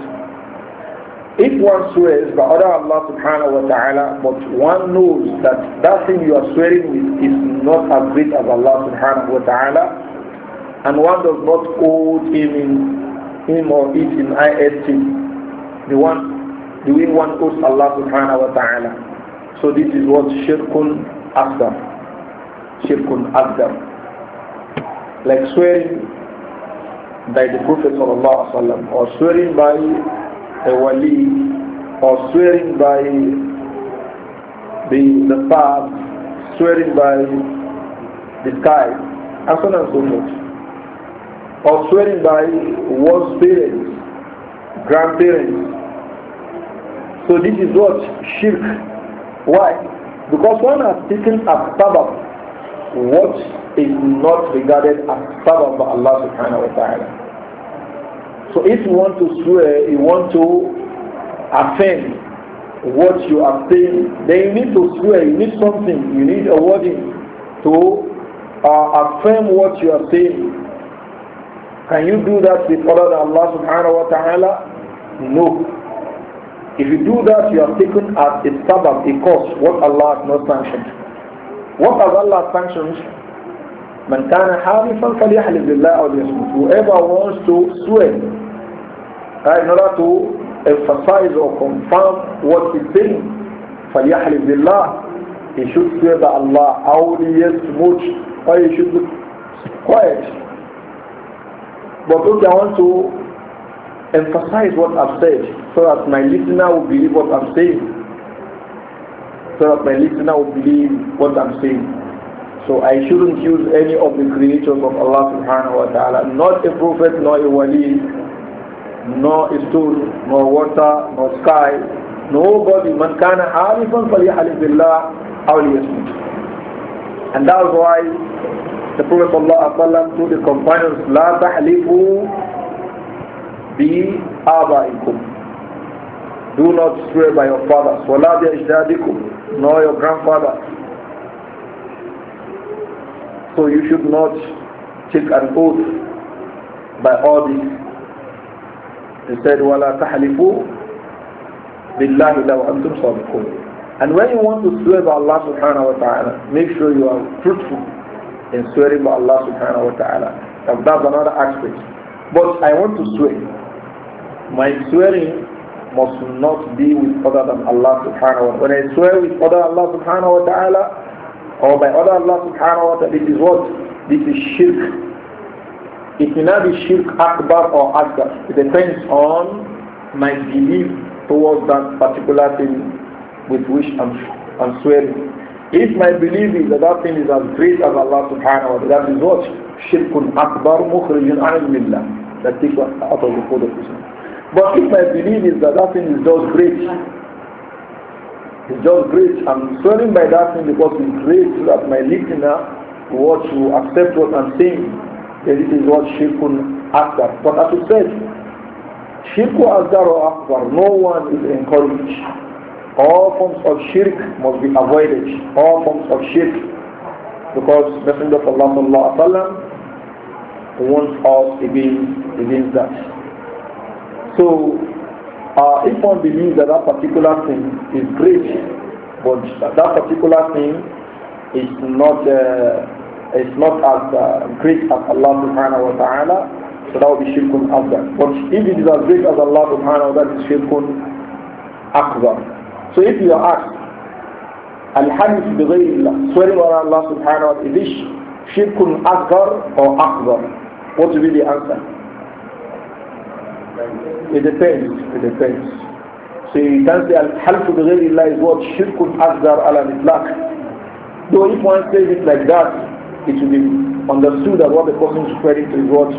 If one swears by other Allah subhanahu wa ta'ala, but one knows that that thing you are swearing with is not as great as Allah subhanahu wa ta'ala, and one does not hold him in him or it in IST, the one the one owes Allah subhanahu wa ta'ala. So this is what shirkun akbar. Shirkun akbar like swearing by the Prophet or swearing by a wali or swearing by the, the path, swearing by the sky, and so on and so forth. Or swearing by one's parents, grandparents. So this is what? Shirk. Why? Because one has taken a sabbath what is not regarded as sabab by Allah subhanahu wa ta'ala. So if you want to swear, you want to affirm what you are saying, then you need to swear, you need something, you need a wording to uh, affirm what you are saying. Can you do that with other than Allah subhanahu wa ta'ala? No. If you do that, you are taken as a sabab, a cause, what Allah has not sanctioned. What are Allah's sanctions? Man كان حالفا فليحلف بالله أو ليصمت. Whoever wants to swear uh, in order to emphasize or confirm what he's saying, فليحلف billah, he should swear by Allah أو ليصمت or he should be quiet. But okay, I want to emphasize what I've said so that my listener will believe what I'm saying so that my listener will believe what I'm saying. So I shouldn't use any of the creators of Allah subhanahu wa ta'ala, not a prophet, nor a wali, nor a stone, nor water, nor sky, nobody. Man kana arifan falyahalif billah aw And that's why the Prophet Allah sallallahu to the companions, لا تحلفوا بآبائكم. Do not swear by your fathers. ولا بأجدادكم nor your grandfather. So you should not take an oath by all this. He said, وَلَا تَحْلِفُوا بِاللَّهِ لَوْ أَنْتُمْ صَادِقُونَ And when you want to swear by Allah subhanahu wa ta'ala, make sure you are truthful in swearing by Allah subhanahu wa ta'ala. That's another aspect. But I want to swear. My swearing must not be with other than Allah subhanahu wa ta'ala. When I swear with other Allah subhanahu wa ta'ala or by other Allah subhanahu wa ta'ala, this is what? This is shirk. It may not be shirk akbar or asghar. It depends on my belief towards that particular thing with which I'm, I'm swearing. If my belief is that that thing is as great as Allah subhanahu wa ta'ala, that is what? Shirkun akbar mukhrijun anil millah. That takes out of the code of Islam. But if my belief is that that thing is just great, it's just great, I'm swearing by that thing because it's great that my listener what to accept what I'm saying, that it is what Shirkun asked. But as you said, Shirku Akbar or Akbar, no one is encouraged. All forms of shirk must be avoided. All forms of shirk. Because Messenger of Allah sallallahu alaihi wasallam warns us against, against that. So uh, if one believes that that particular thing is great, but that particular thing is not uh, is not as uh, great as Allah Subhanahu wa Taala, so that will be shirkun akbar. But if it is as great as Allah Subhanahu wa Taala, it's shirkun akbar. So if you are asked, الحديث swearing on Allah Subhanahu wa Taala, is this shirkun akbar or akbar? What will be the answer? It depends. It depends. See, can say Al-Halfu bighayri Allah is what? Shirkun Allah ala mitlaq. Though if one says it like that, it will be understood that what the person is swearing to is what?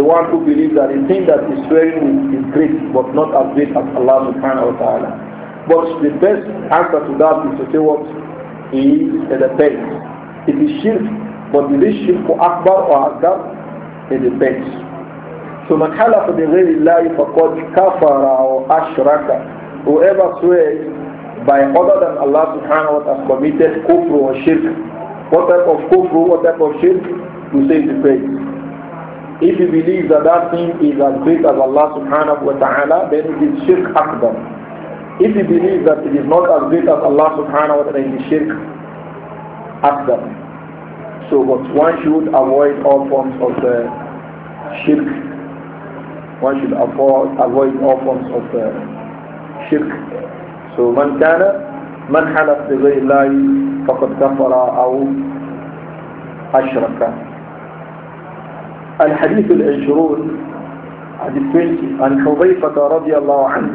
The one who believes that the thing that is swearing is, is great, but not as great as Allah subhanahu wa ta'ala. But the best answer to that is to say what? Is it depends. It is shirk, but is it shirk for Akbar or Akbar? It depends. So, فمن حلف life, الله فقد كفر or ashraka, whoever swears by other than Allah subhanahu wa ta'ala committed kufr or shirk what type of kufr what type of shirk you say the praise if you believe that that thing is as great as Allah subhanahu wa ta'ala then it is shirk akbar if you believe that it is not as great as Allah subhanahu wa ta'ala it is shirk akbar so but one should avoid all forms of the uh, shirk one should afford, avoid all forms of uh, shirk. So من كان من حلف بغير الله فقد كفر أو أشرك. الحديث العشرون حديث 20 عن حذيفة رضي الله عنه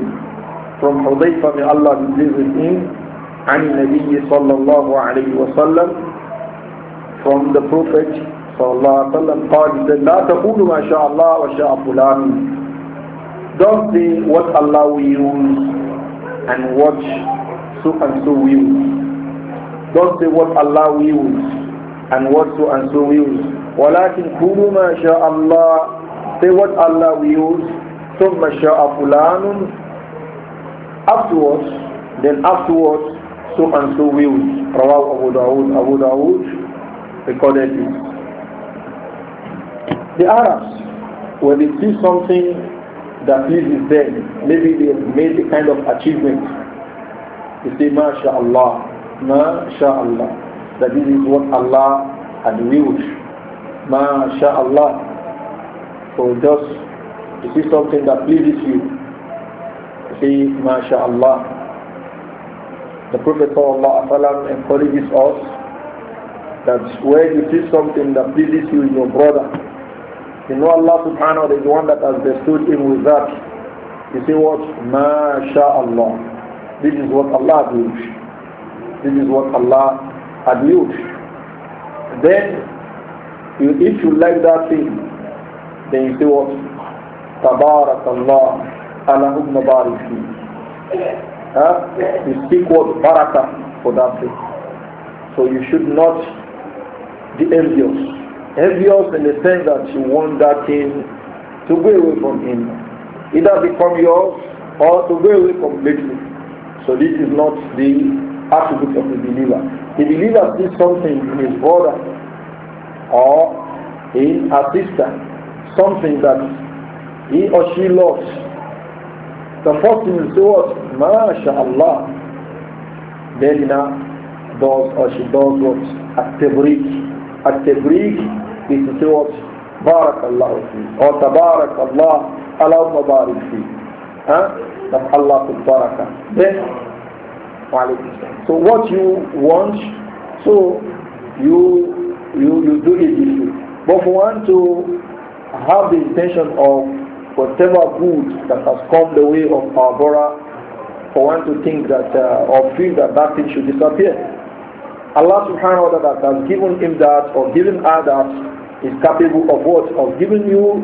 from حذيفة may Allah be pleased with him عن النبي صلى الله عليه وسلم from the Prophet صلى الله عليه don't say what Allah wills and what so and so wills don't say what Allah wills and what so and so wills ولكن قولوا ما شاء الله say what Allah wills ثم شاء فلان afterwards then afterwards so and so wills رواه أبو داود أبو داود recorded it the Arabs, when they see something that pleases them, maybe they have made a kind of achievement, they say, MashaAllah, MashaAllah, that this is what Allah had willed, MashaAllah. So just, you see something that pleases you, say, MashaAllah. The Prophet ﷺ encourages us that when you see something that pleases you in your brother, you know Allah subhanahu wa ta'ala is the one that has bestowed him with that. You see what? MashaAllah. This is what Allah did. This is what Allah had used. Then, you, if you like that thing, then you see what? Tabarakallah. Allah barik fi. Huh? You speak what? barakah for that thing. So you should not be envious envious in the sense that you want that thing to go away from him, either become yours or to go away completely. So this is not the attribute of the believer. The believer sees something in his brother or in a sister, something that he or she loves. The first thing is what? MashaAllah. Then does or she does what? At-Tabrik. At-Tabrik Barakallahu fi. Or fi. Huh? That Allah put Then, so what you want, so you, you, you do it this way. But if you want to have the intention of whatever good that has come the way of our Bora, for one to think that uh, or feel that that thing should disappear. Allah subhanahu wa ta'ala has given him that or given her that is capable of what? Of giving you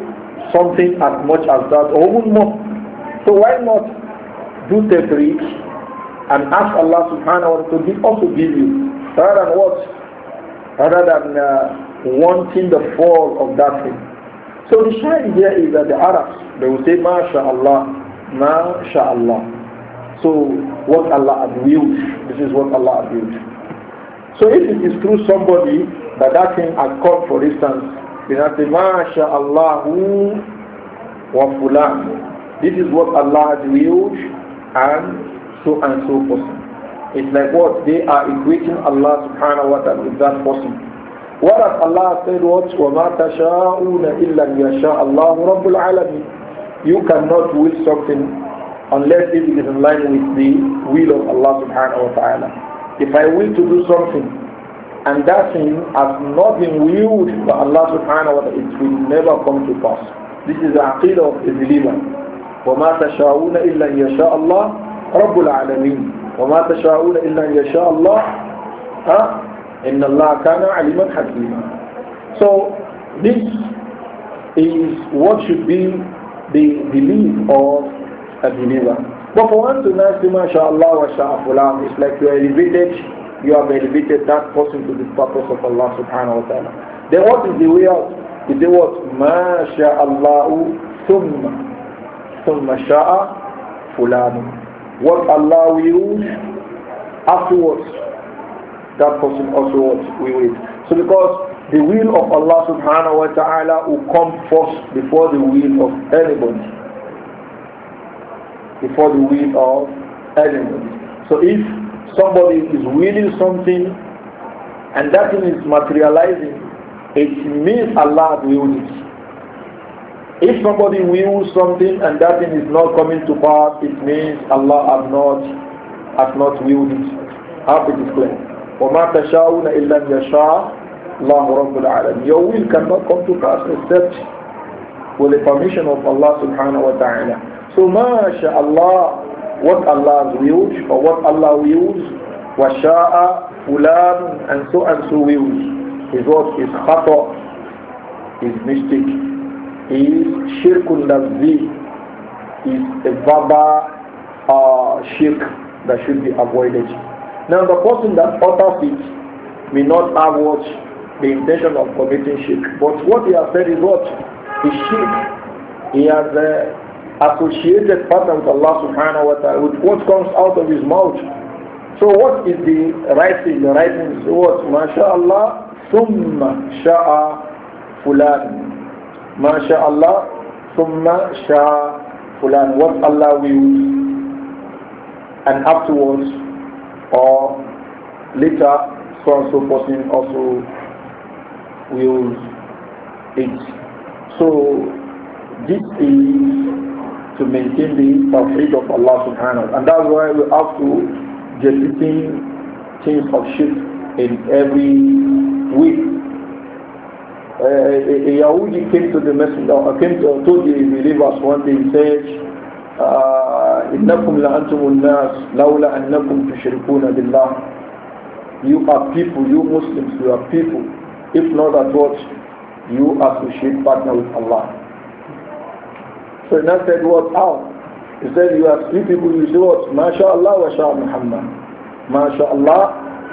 something as much as that or even more. So why not do tafriq and ask Allah subhanahu wa ta'ala to give, also give you rather than what? Rather than uh, wanting the fall of that thing. So the shahid here is that the Arabs, they will say, MashaAllah, MashaAllah. So what Allah has willed, this is what Allah has willed. So if it is through somebody that that thing has come, for instance, we have to Masha Allahu wa fulan. This is what Allah has revealed and so and so person. It's like what? They are equating Allah subhanahu wa ta'ala with that person. has Allah said what? وَمَا تَشَاءُونَ إِلَّا يَشَاءَ اللَّهُ رَبُّ الْعَالَمِينَ You cannot will something unless it is in line with the will of Allah subhanahu wa ta'ala. If I will to do something and that thing has not been willed by Allah subhanahu wa ta'ala, it will never come to pass. This is the aqidah of the believer. وَمَا تَشَاءُونَ إِلَّا يَشَاءَ اللَّهُ رَبُّ الْعَالَمِينَ وَمَا تَشَاءُونَ إِلَّا يَشَاءَ اللَّهُ إِنَّ اللَّهَ كَانَ عَلِيمًا حَكِيمًا So this is what should be the belief of a believer. But for one to now say, MashaAllah wa sha'afulam, it's like you are elevated, you have elevated that person to the purpose of Allah subhanahu wa ta'ala. Then what is the way out? Is the what? MashaAllahu thumma. Thumma sha'a fulam. What Allah wills afterwards, that person also we will. So because the will of Allah subhanahu wa ta'ala will come first before the will of anybody before the will of anyone. So if somebody is willing something and that thing is materializing, it means Allah wills it. If somebody wills something and that thing is not coming to pass, it means Allah has not has not willed it. How it is clear. وَمَا تَشَاءُونَ إِلَّا يَشَاءَ اللَّهُ رَبُّ الْعَالَمِينَ Your will cannot come to pass except with the permission of Allah subhanahu wa ta'ala. So Allah, what Allah's wills or what Allah wills, washa'a, fulan, and so and so wills, is what is khata, is mystic, is shirkun nazzi, is a verbal uh, shirk that should be avoided. Now the person that utters it may not have what the intention of committing shirk, but what he has said is what is shirk. He has uh, associated pattern with Allah subhanahu wa ta'ala, with what comes out of his mouth. So what is the right thing? The right thing is what? MashaAllah, summa sha'a fulan. MashaAllah, summa sha'a fulan. What Allah wills. And afterwards, or later, so and so person also wills it. So this is to maintain the tawheed of Allah subhanahu wa ta'ala. And that's why we have to jetting things of shirk in every week. Uh, a, Yahudi came to the messenger, uh, came to, to the believers one day, he said, إنكم لأنتم الناس لولا أنكم تشركون بالله You are people, you Muslims, you are people. If not at what, you associate partner with Allah. So he now said, what? out? He said, you have three people, you say what? MashaAllah wa sha Muhammad. MashaAllah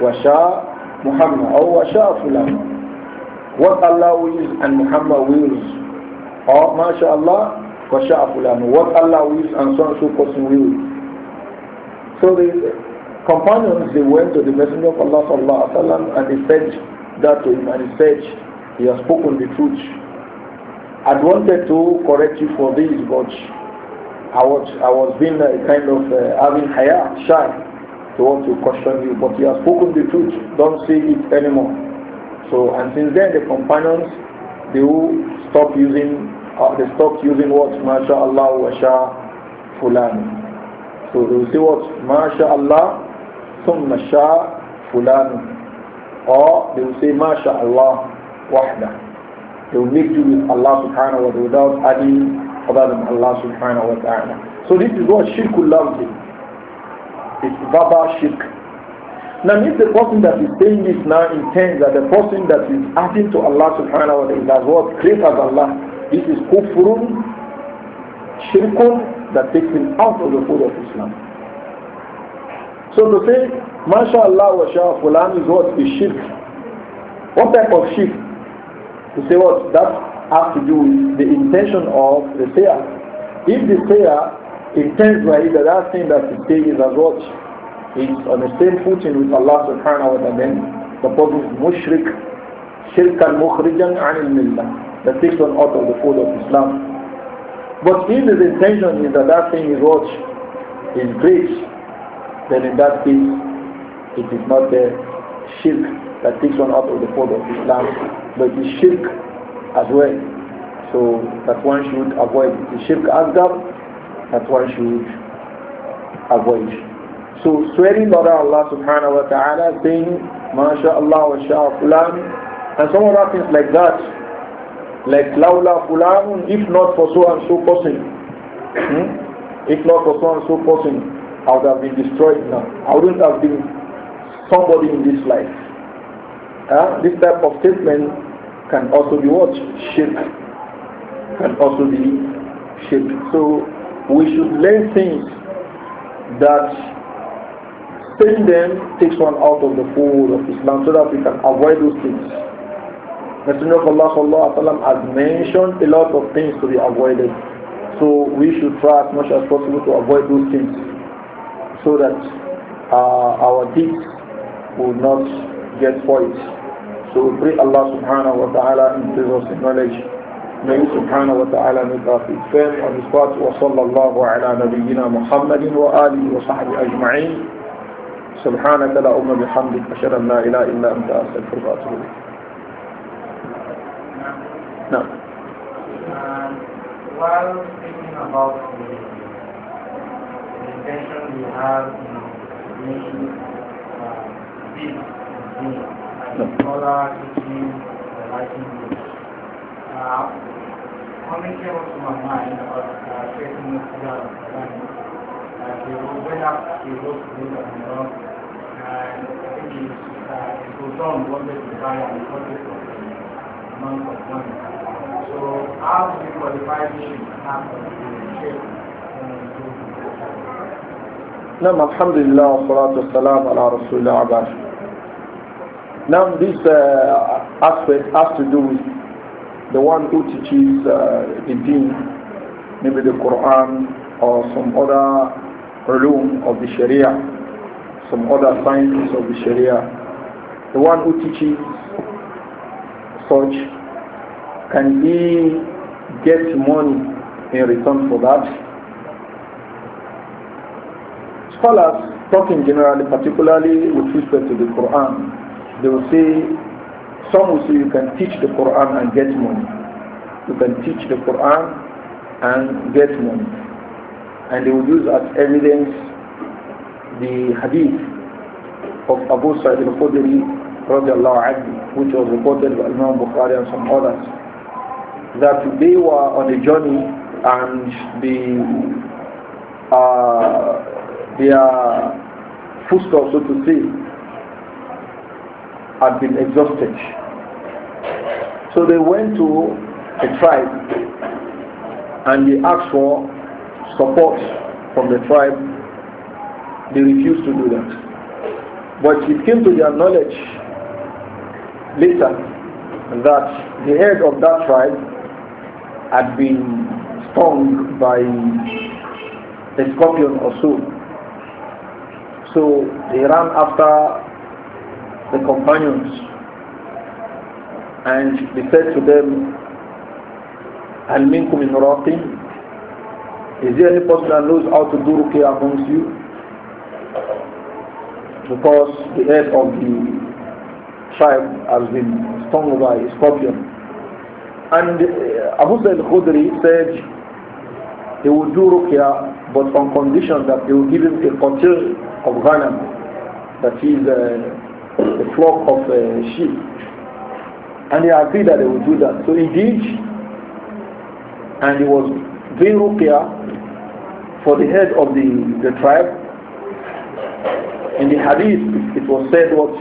wa sha Muhammad. Or wa sha fulan. What Allah wills and Muhammad wills. Or MashaAllah wa sha fulan. What Allah wills and so and so person wills. So the companions, they went to the Messenger of Allah and they said that to him and he said, he has spoken the truth. I'd wanted to correct you for this, but I was, I was being a uh, kind of uh, having haya, shy to want to question you, but you have spoken the truth. Don't say it anymore. So, and since then, the companions, they will stop using, uh, they stopped using words, MashaAllah wa sha fulani. So they will say what? MashaAllah, thumma sha fulani. Or they will say MashaAllah wahda. They will make you with Allah subhanahu wa ta'ala without adding other than Allah subhanahu wa ta'ala. So this is what shirkul love is. It's baba shirk. Now if the person that is saying this now intends that the person that is adding to Allah subhanahu wa ta'ala is what greater than Allah, this is kufrun, shirkun that takes him out of the fold of Islam. So to say, mashallah wa shah fulan is what is shirk. What type of shirk? to say what? That has to do with the intention of the sayer. If the sayer intends by it that that thing that he says is as what is on the same footing with Allah subhanahu wa ta'ala, then the person is mushrik, shirkan mukhrijan anil millah, that takes one out of the fold of Islam. But if his intention is that that thing is what is great, then in that case it is not a shirk that takes one out of the fold of Islam, but it is shirk as well. So that one should avoid. the shirk well. that one should avoid. So swearing by Allah subhanahu wa ta'ala saying MashaAllah wa sha'a fulan and some other things like that like laula fulanun if not for so and so person hmm? if not for so and so person I would have been destroyed now I wouldn't have been somebody in this life uh, this type of statement can also be what? Shaped. Can also be shaped. So we should learn things that saying them takes one out of the fold of Islam so that we can avoid those things. Messenger of Allah sallallahu wasallam has mentioned a lot of things to be avoided. So we should try as much as possible to avoid those things so that uh, our deeds will not get spoiled. So we pray Allah subhanahu wa ta'ala increase us in knowledge. May you subhanahu wa ta'ala make our feet firm on his path. Wa sallallahu ala nabiyyina Muhammadin wa alihi wa sahbihi ajma'in. سبحانك لا أم بحمدك أشهد أن لا إله إلا أنت أستغفرك وأتوب إليك. نعم. While thinking about the intention we have in making uh, this Scholar teaching نعم الحمد لله والصلاة والسلام على رسول الله now this uh, aspect has to do with the one who teaches uh, the deen, maybe the Quran or some other ulum of the Sharia, some other sciences of the Sharia. The one who teaches such, can he get money in return for that? scholars talking generally, particularly with respect to the Quran, they will say, some will say you can teach the Quran and get money. You can teach the Quran and get money. And they will use as evidence the hadith of Abu Sa'id al-Khudri which was reported by Imam Bukhari and some others that they were on a journey and the uh, their foodstuff so to say had been exhausted. So they went to a tribe and they asked for support from the tribe. They refused to do that. But it came to their knowledge later that the head of that tribe had been stung by a scorpion or so. So they ran after the companions and he said to them هل منكم is there any person that knows how to do ruqya amongst you because the head of the tribe has been stung by a scorpion and uh, Abu Sa'id Khudri said he would do ruqya but on condition that they will give him a quarter of ghanam that is uh, the flock of uh, sheep. And they agreed that they would do that. So he did, and he was doing ruqya for the head of the, the tribe. In the hadith, it was said what?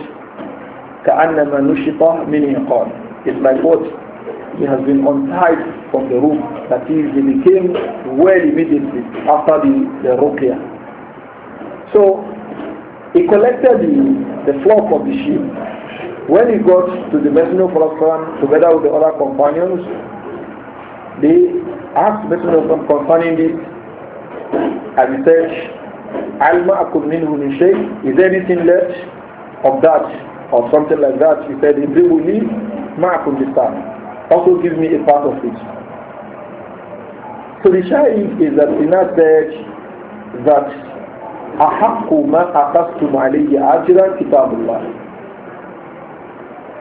كَأَنَّمَا نُشِطَ meaning قال. It's like what? He has been untied from the roof. That is, he became well immediately after the, the ruqya. So he collected the, the flock of the sheep. When he got to the Messenger of Allah together with the other companions, they asked the Messenger of Allah concerning it and he said, Alma minhu Is there anything left of that or something like that? He said, "If will Ibrahuli ma'akum time, Also give me a part of it. So the Shahid is that he not said that أحق ما أخذتم عليه أجرا كتاب الله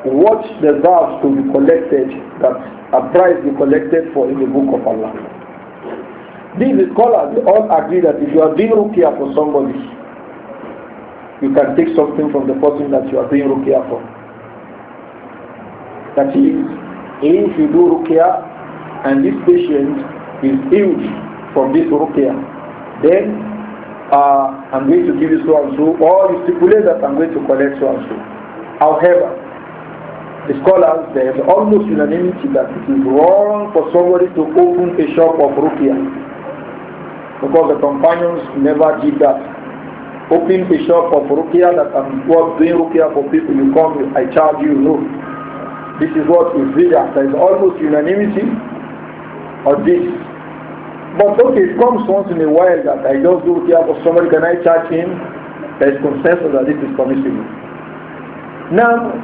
What deserves to be collected that a price be collected for in the book of Allah. These scholars all agree that if you are doing rukia for somebody, you can take something from the person that you are doing rukia for. That is, if you do rukia, and this patient is ill from this rukia, then uh, I'm going to give you so and so, or you stipulate that I'm going to collect so and so. However, the scholars, there is almost unanimity that it is wrong for somebody to open a shop of rupiah. Because the companions never did that. Open a shop of rupiah that I'm what doing rupiah for people, you come, I charge you, no. This is what is bigger. There is almost unanimity on this. But okay, it comes once in a while that I just do here, for somebody, can I charge him? There is consensus that this is permissible. Now,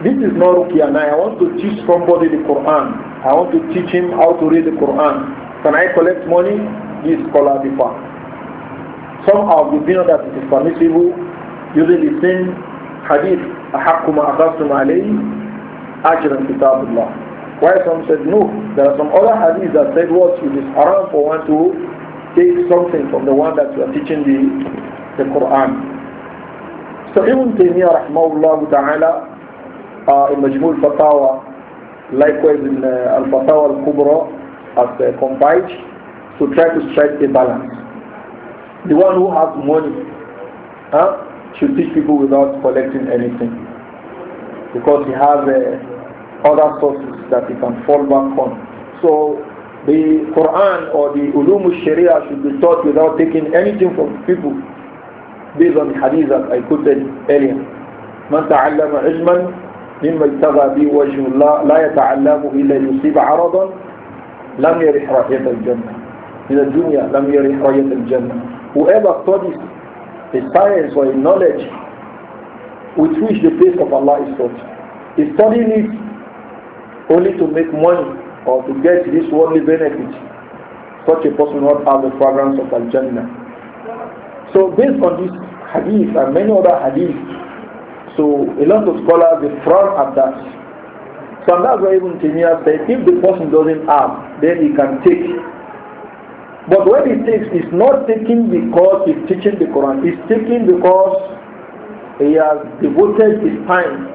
this is not okay, and I want to teach somebody the Quran. I want to teach him how to read the Quran. Can I collect money? This scholar differ. Some of you know that it is permissible using the same hadith, أَحَقُّ مَا أَخَذْتُمْ عَلَيْهِ أَجْرًا كِتَابُ اللَّهِ why some said no. There are some other hadiths that said what it is haram for one to take something from the one that you are teaching the, the Quran. So Ibn Taymiyyah rahmahullah ta'ala uh, in Majmul Fatawa, likewise in uh, Al-Fatawa Al-Kubra as uh, compiled to try to strike a balance. The one who has money huh, should teach people without collecting anything because he has a uh, other sources that you can fall back on. So the Quran or the ulum sharia should be taught without taking anything from people based on the hadith that I quoted earlier. من تعلم علما مما ابتغى به وجه الله لا يتعلمه إلا يصيب عرضا لم يرح راية الجنة in الدنيا لم يرح راية الجنة whoever studies a science or a knowledge with which the face of Allah is taught, is studying it only to make money or to get this worldly benefit, such a person will not have the fragrance of Al-Jannah. So based on this hadith and many other hadiths, so a lot of scholars they frown at that. So that's why even Timiya said, if the person doesn't have, then he can take. But when he takes, he's not taking because he's teaching the Quran. He's taking because he has devoted his time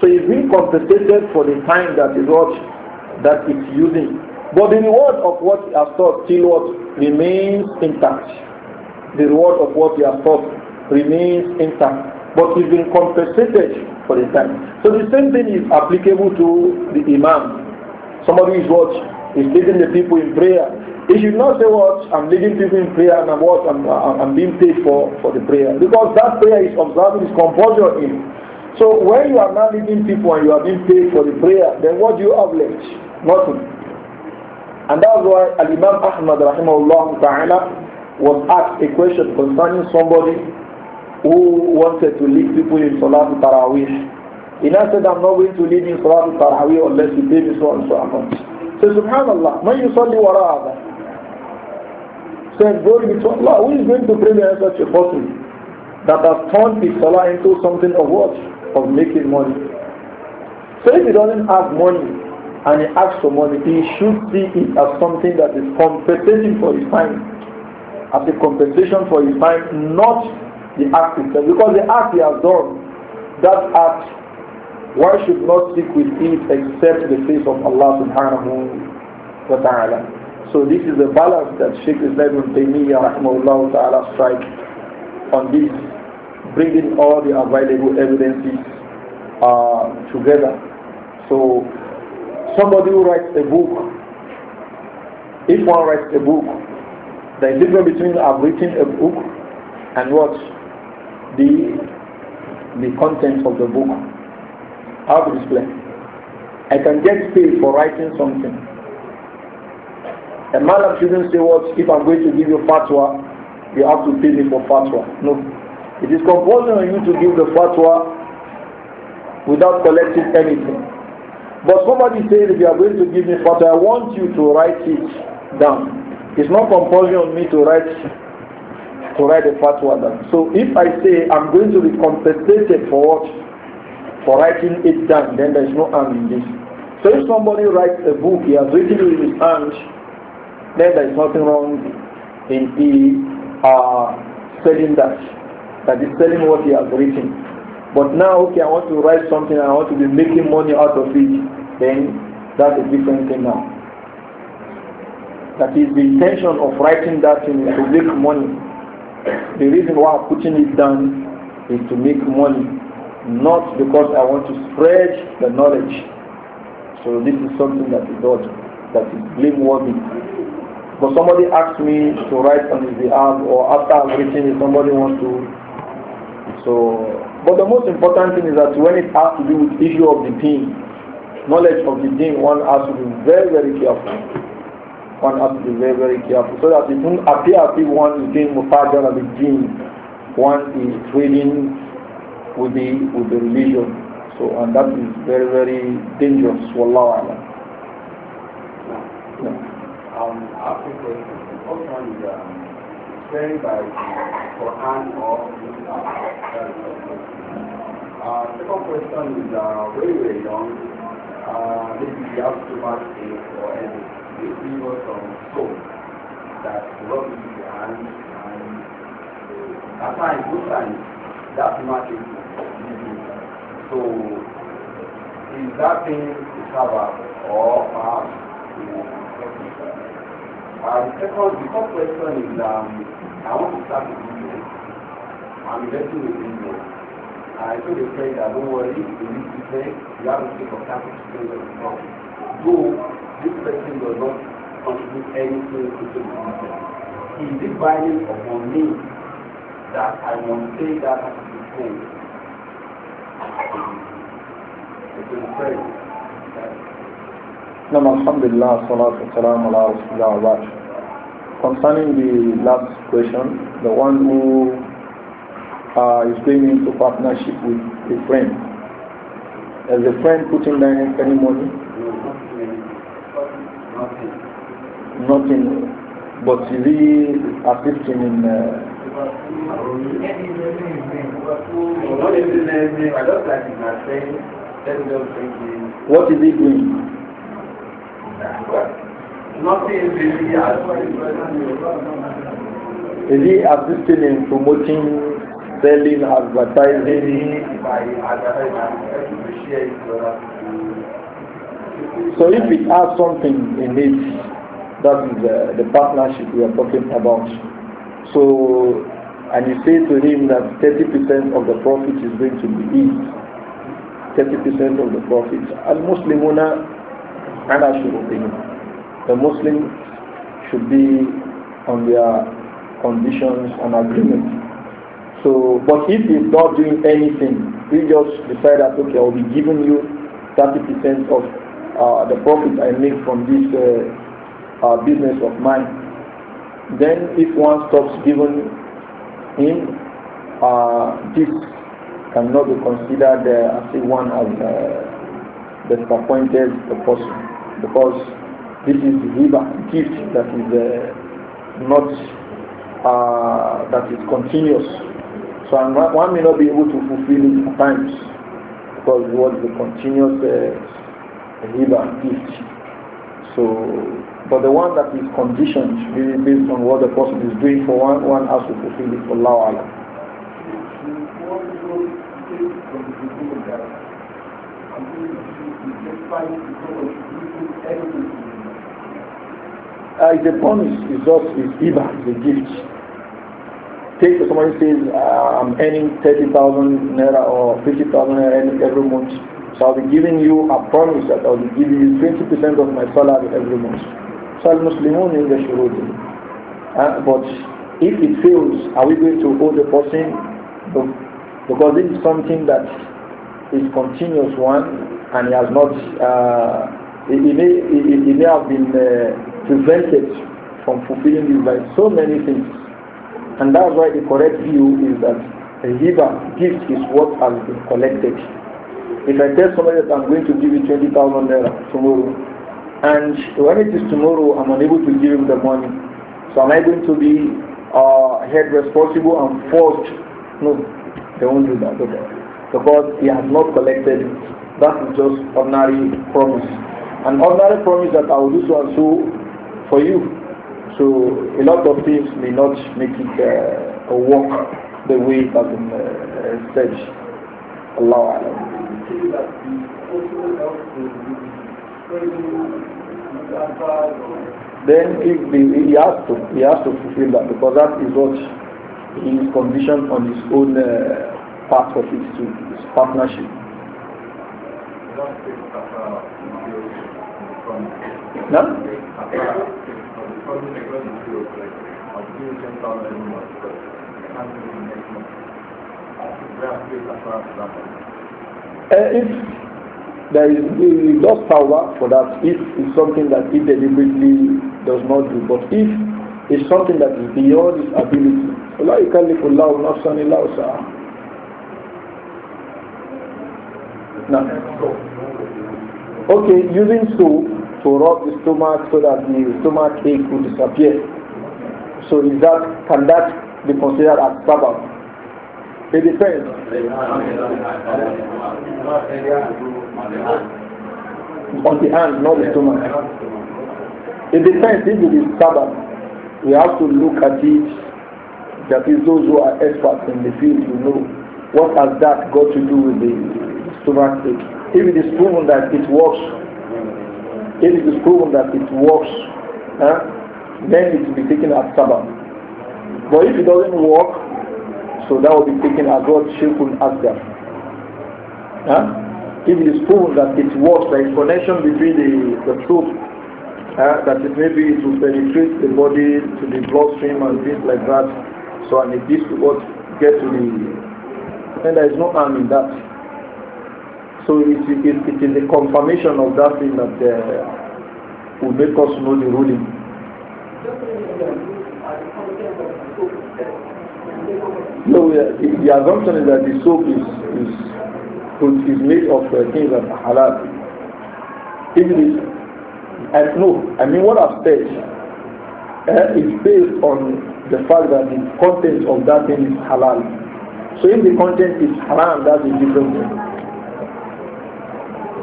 so he's being compensated for the time that is what that it's using. But the reward of what he has taught still what remains intact. The reward of what he has taught remains intact. But he's been compensated for the time. So the same thing is applicable to the Imam. Somebody is what is leading the people in prayer. He should not say what I'm leading people in prayer and I'm what I'm, I'm being paid for, for the prayer. Because that prayer is observing is compulsion in. So when you are not leading people and you are being paid for the prayer, then what do you have left? Nothing. And that's why Al-Imam Ahmad rahimahullah ta'ala was asked a question concerning somebody who wanted to lead people in Salat Taraweeh. He now said, I'm not going to lead in Salat Taraweeh unless you pay me so and so amount. So subhanallah, when you salli wara'adha, said, Glory be to Allah, who is going to pray behind such a person that has turned his salah into something of what? of making money. So if he doesn't have money and he asks for money, he should see it as something that is compensating for his time, as a compensation for his time, not the act itself. Because the act he has done, that act, one should not stick with it except the face of Allah subhanahu wa ta'ala. So this is the balance that Sheikh Islam ibn Taymiyyah rahimahullah ta'ala strike on this bringing all the available evidences uh, together. So somebody who writes a book, if one writes a book, there is difference between I've written a book and what the the contents of the book. How to display. I can get paid for writing something. A man shouldn't say what if I'm going to give you fatwa, you have to pay me for fatwa. No. It is compulsory on you to give the fatwa without collecting anything. But somebody says, if you are going to give me fatwa, I want you to write it down. It's not compulsory on me to write to write a fatwa down. So if I say I'm going to be compensated for what? For writing it down, then there is no harm in this. So if somebody writes a book, he has written it in his hand, then there is nothing wrong in the uh, selling that that is telling what he has written. But now, okay, I want to write something and I want to be making money out of it, then that's a different thing now. That is the intention of writing that thing is to make money. The reason why I'm putting it down is to make money, not because I want to spread the knowledge. So this is something that is not, that is blameworthy. But somebody asked me to write on his behalf or after I've written somebody wants to so, but the most important thing is that when it has to do with issue of the deen, knowledge of the deen, one has to be very, very careful. One has to be very, very careful so that it does not appear as if one is doing mufajar of the deen, one is trading with the with the religion. So, and that is very, very dangerous. Wallahu alam. Um, I think the one is. Um, sharing by Quran or uh, second question is uh, very you were uh, maybe we have too much faith or anything. We you were from soul that rubbed you behind and at times, good times, that much is needed. So is that thing recovered or perhaps, you know, and second, the third question is um, I want to start a business. I'm investing in business. I told a friend that don't worry, you need to say you have to take a capital to pay your Though this person does not contribute anything to the business. He is dividing upon me that I must say that as a thing. It's a friend. Now, Alhamdulillah, salatu salam ala Rasulullah concerning the last question, the one who uh, is going into partnership with a friend, has the friend putting down any money? Nothing. Nothing. But is he assisting in? Uh, what is he doing? Nothing Is he assisting in promoting, selling, advertising? So if it has something in it, that is the, the partnership we are talking about. So, and you say to him that 30% of the profit is going to be his. 30% of the profit. Al-Muslimuna ala shurutihim the Muslims should be on their conditions and agreement. So, but if he's not doing anything, we just decide that, okay, I'll be giving you 30% of uh, the profit I make from this uh, uh, business of mine. Then if one stops giving him, uh, this cannot be considered uh, as one has uh, disappointed the person because this is the gift that is uh, not, uh, that is continuous. So not, one may not be able to fulfill it at times because it was the continuous uh, gift. So, but the one that is conditioned really based on what the person is doing for one, one has to fulfill it for Allah. Thank you uh, the promise bonus. It's just it's iba, the gift. Take somebody says ah, I'm earning thirty thousand naira or fifty thousand naira every month, so I'll be giving you a promise that I'll be giving you twenty percent of my salary every month. So Muslimun in the shuruti. Uh, ah, but if it fails, are we going to owe the person? Because this is something that is continuous one, and he has not. Uh, he, he may he, he, may have been. Uh, prevented from fulfilling it by so many things. And that's why the correct view is that a giver gives his what has been collected. If I tell somebody that I'm going to give you 20,000 naira tomorrow, and when it is tomorrow, I'm unable to give him the money, so am I going to be uh, held responsible and forced? No, they won't do that. Okay. Because he has not collected That is just ordinary promise. An ordinary promise that I will do so and so for you. So a lot of things may not make it uh, a the way it has been uh, said. Allah Then if the, he has to he has to fulfill that because that is what he is conditioned on his own uh, part of his, his partnership. No? Uh, if there is we power for that, if it's something that he deliberately does not do, but if it's something that is beyond his ability, Allah يكلف الله نفسا إلا وسعها. Now, okay, using soap to rub the stomach so that the stomach ache will disappear. So is that can that be considered as sabbath? It depends. On the hand, not the stomach. It depends if it is sabbath. We have to look at it. That is those who are experts in the field you know what has that got to do with the stomach ache. If it is proven that it works if it is proven that it works, eh, then it will be taken as sabbath. But if it doesn't work, so that will be taken as what shirkun asgar. Huh? If it is proven that it works, the connection between the, the truth, that it maybe it will penetrate the body to the bloodstream and things like that. So and if this will get to the, and there is no harm in that. So it, it, it is a confirmation of that thing that uh, will make us know the ruling. No, the, the assumption is that the soap is, is, is made of uh, things that are halal. If it is, I, no, I mean what I've said uh, is based on the fact that the content of that thing is halal. So if the content is haram, that's a different thing.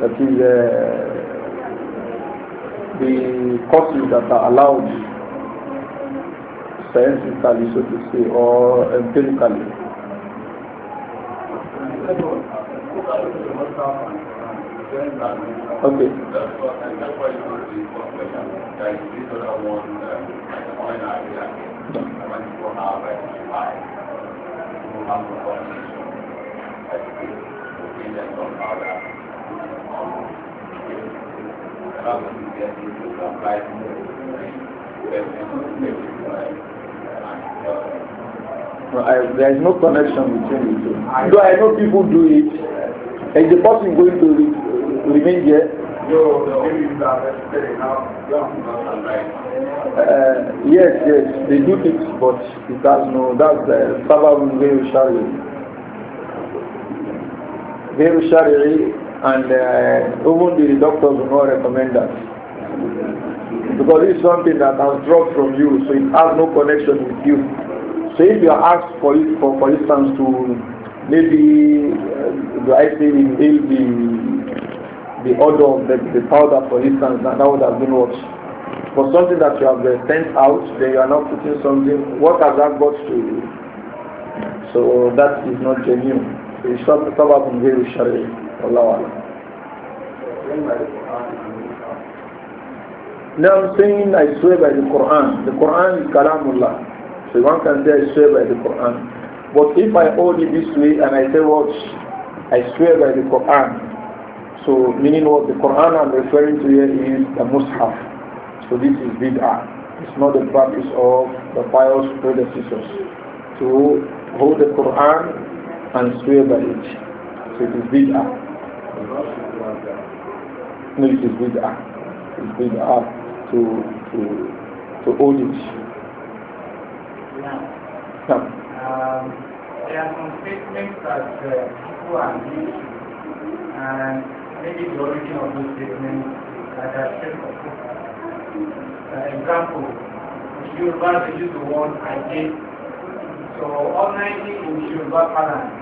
that is uh, the courses that are allowed scientifically, so to say, or empirically. Okay. I, there is no connection between the two. Though I know people do it, is the person going to re remain there? No, no. Uh, yes, yes, they do it, but it has no, that's the Sabah Veru Shari'i. Veru Shari'i and uh, even the doctors will not recommend that. Because it's something that has dropped from you, so it has no connection with you. So if you are asked for it, for, for instance, to maybe, uh, do I say inhale the, the odor of the, the powder, for instance, that, that would have been what? For something that you have uh, sent out, then you are not putting something, what has that got to you? So that is not genuine. It's not, it's not about Lord. Now I'm saying I swear by the Quran. The Quran is Kalamullah. So one can say I swear by the Quran. But if I hold it this way and I say what? I swear by the Quran. So meaning what the Quran I'm referring to here is the Mus'haf. So this is bid'ah. It's not the practice of the pious predecessors to hold the Quran and swear by it. So it is bid'ah. No, it is with act. It's with act to, to, to own it. Yeah. no. um, there are some statements that uh, people are making, and maybe the origin of those statements that are simple. For example, Yoruba, they use the word I did. So, ordinarily in Yoruba parlance,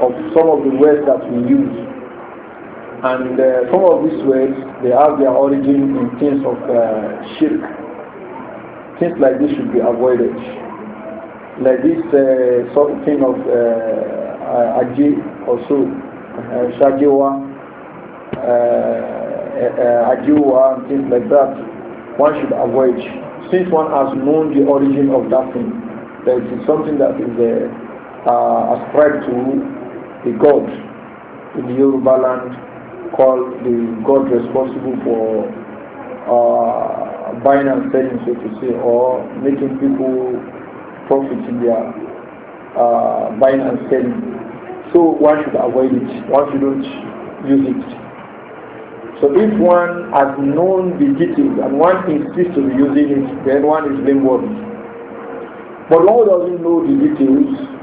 of some of the words that we use. And uh, some of these words, they have their origin in things of uh, shirk. Things like this should be avoided. Like this uh, sort of thing of uh, uh aji or so, uh, shajiwa, uh, ajiwa, and things like that, one should avoid. Since one has known the origin of that thing, that it is something that is uh, ascribed to the god in the Yoruba land called the god responsible for uh, buying and selling, so to say, or making people profit in their uh, buying and selling. So one should avoid it. One shouldn't use it. So if one has known the details and one insists on using it, then one is blameworthy. But one doesn't know the details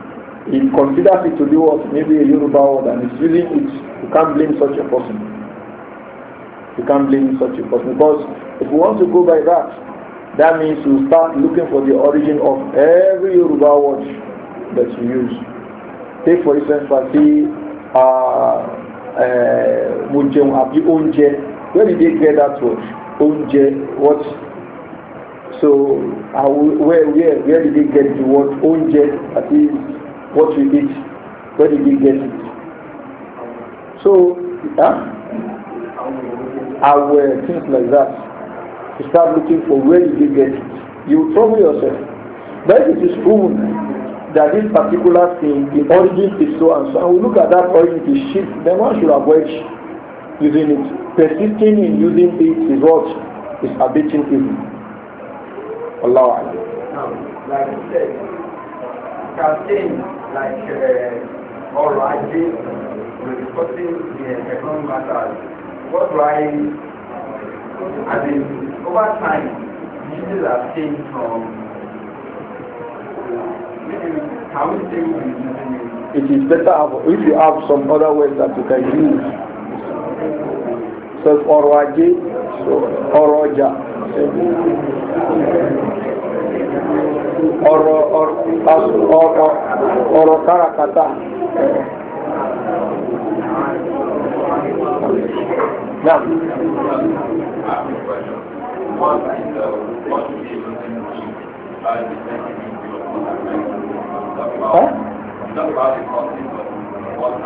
he considers it to be what maybe a Yoruba word and is using it. You can't blame such a person. You can't blame such a person because if you want to go by that, that means you start looking for the origin of every Yoruba word that you use. Take for instance, Fati, uh, uh, Munjem, Abi, Onje. Where did they get that word? Onje, what? So, uh, where, where, where did they get the word Onje? That is what you eat, where did you get it? So, huh? aware, things like that. You start looking for where did you get it. You trouble yourself. But it is proven that this particular thing, the origin is so and so, and we look at that origin to shift, then one should avoid using it. Persisting in using it is what is abetting evil. Allah. Now, like you said, campaign like uh, ọrọ̀ ajé we're discussing the economic matters what do I I mean over time these are changed from maybe we say we it. it is better if you have some other words that you can use ọrọ̀ ajé ọrọ̀ ọjà ọrọ̀ káràkátà náà Huh? What I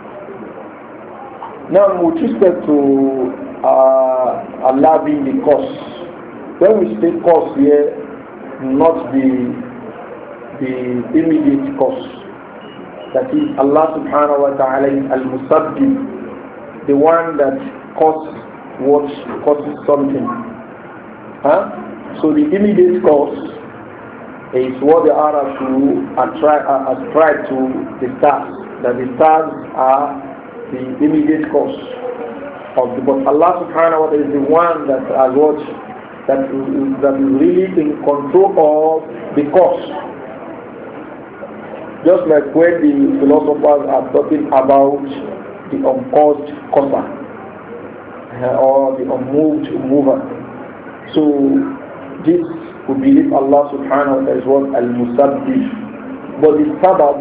Now, with respect to uh, Allah being the cause, when we say cause here, not the the immediate cause. That is Allah subhanahu wa ta'ala is al musabbi the one that causes what causes something. Huh? So the immediate cause is what the Arabs attribute to the stars, that the stars are the immediate cause of the but Allah subhanahu wa ta'ala is the one that has what that is, that is really in control of the cause. Just like when the philosophers are talking about the uncaused causer uh, or the unmoved mover. So this be believe Allah subhanahu wa ta'ala is what al-musabbih. But the sabab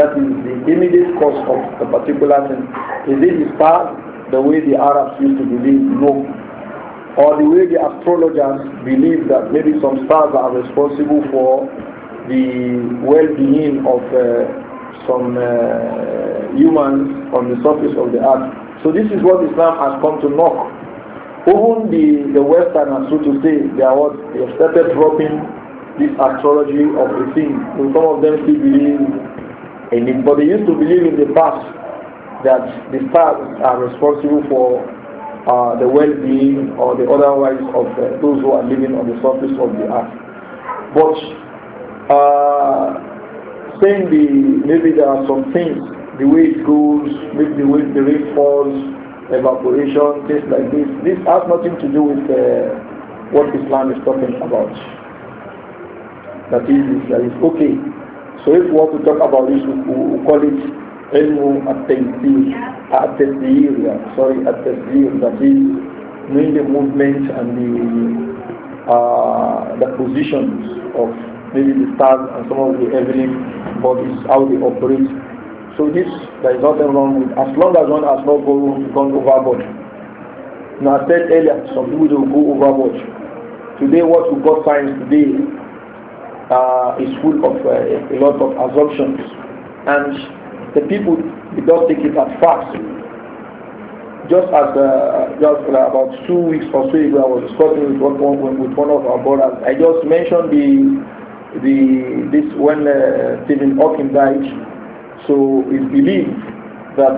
that is the immediate cause of a particular thing is it the past the way the Arabs used to believe? No. Or the way the astrologers believe that maybe some stars are responsible for the well-being of uh, some uh, humans on the surface of the earth. So this is what Islam has come to knock. Even the, the Westerners, so to say, they are what they have started dropping this astrology of the thing. some of them still believe in it, but they used to believe in the past that the stars are responsible for uh, the well-being or the otherwise of uh, those who are living on the surface of the earth. But uh, saying the maybe there are some things, the way it goes, maybe the way the rain falls, evaporation, things like this. This has nothing to do with uh, what Islam is talking about. That is, that is okay. So if we want to talk about this, we, we call it علم التيسير التسيير sorry التسيير that is knowing the movement and the uh, the positions of maybe the stars and some of the heavenly bodies how they operate so this there is nothing wrong with as long as one has not gone, gone overboard now I said earlier some people will go overboard today what we got science today uh, is full of uh, a lot of assumptions and the people did not take it as facts. Just as uh, just uh, about two weeks or so ago, I was discussing with one, one, with one of our brothers. I just mentioned the the this when uh, Stephen Hawking died. So it's believed that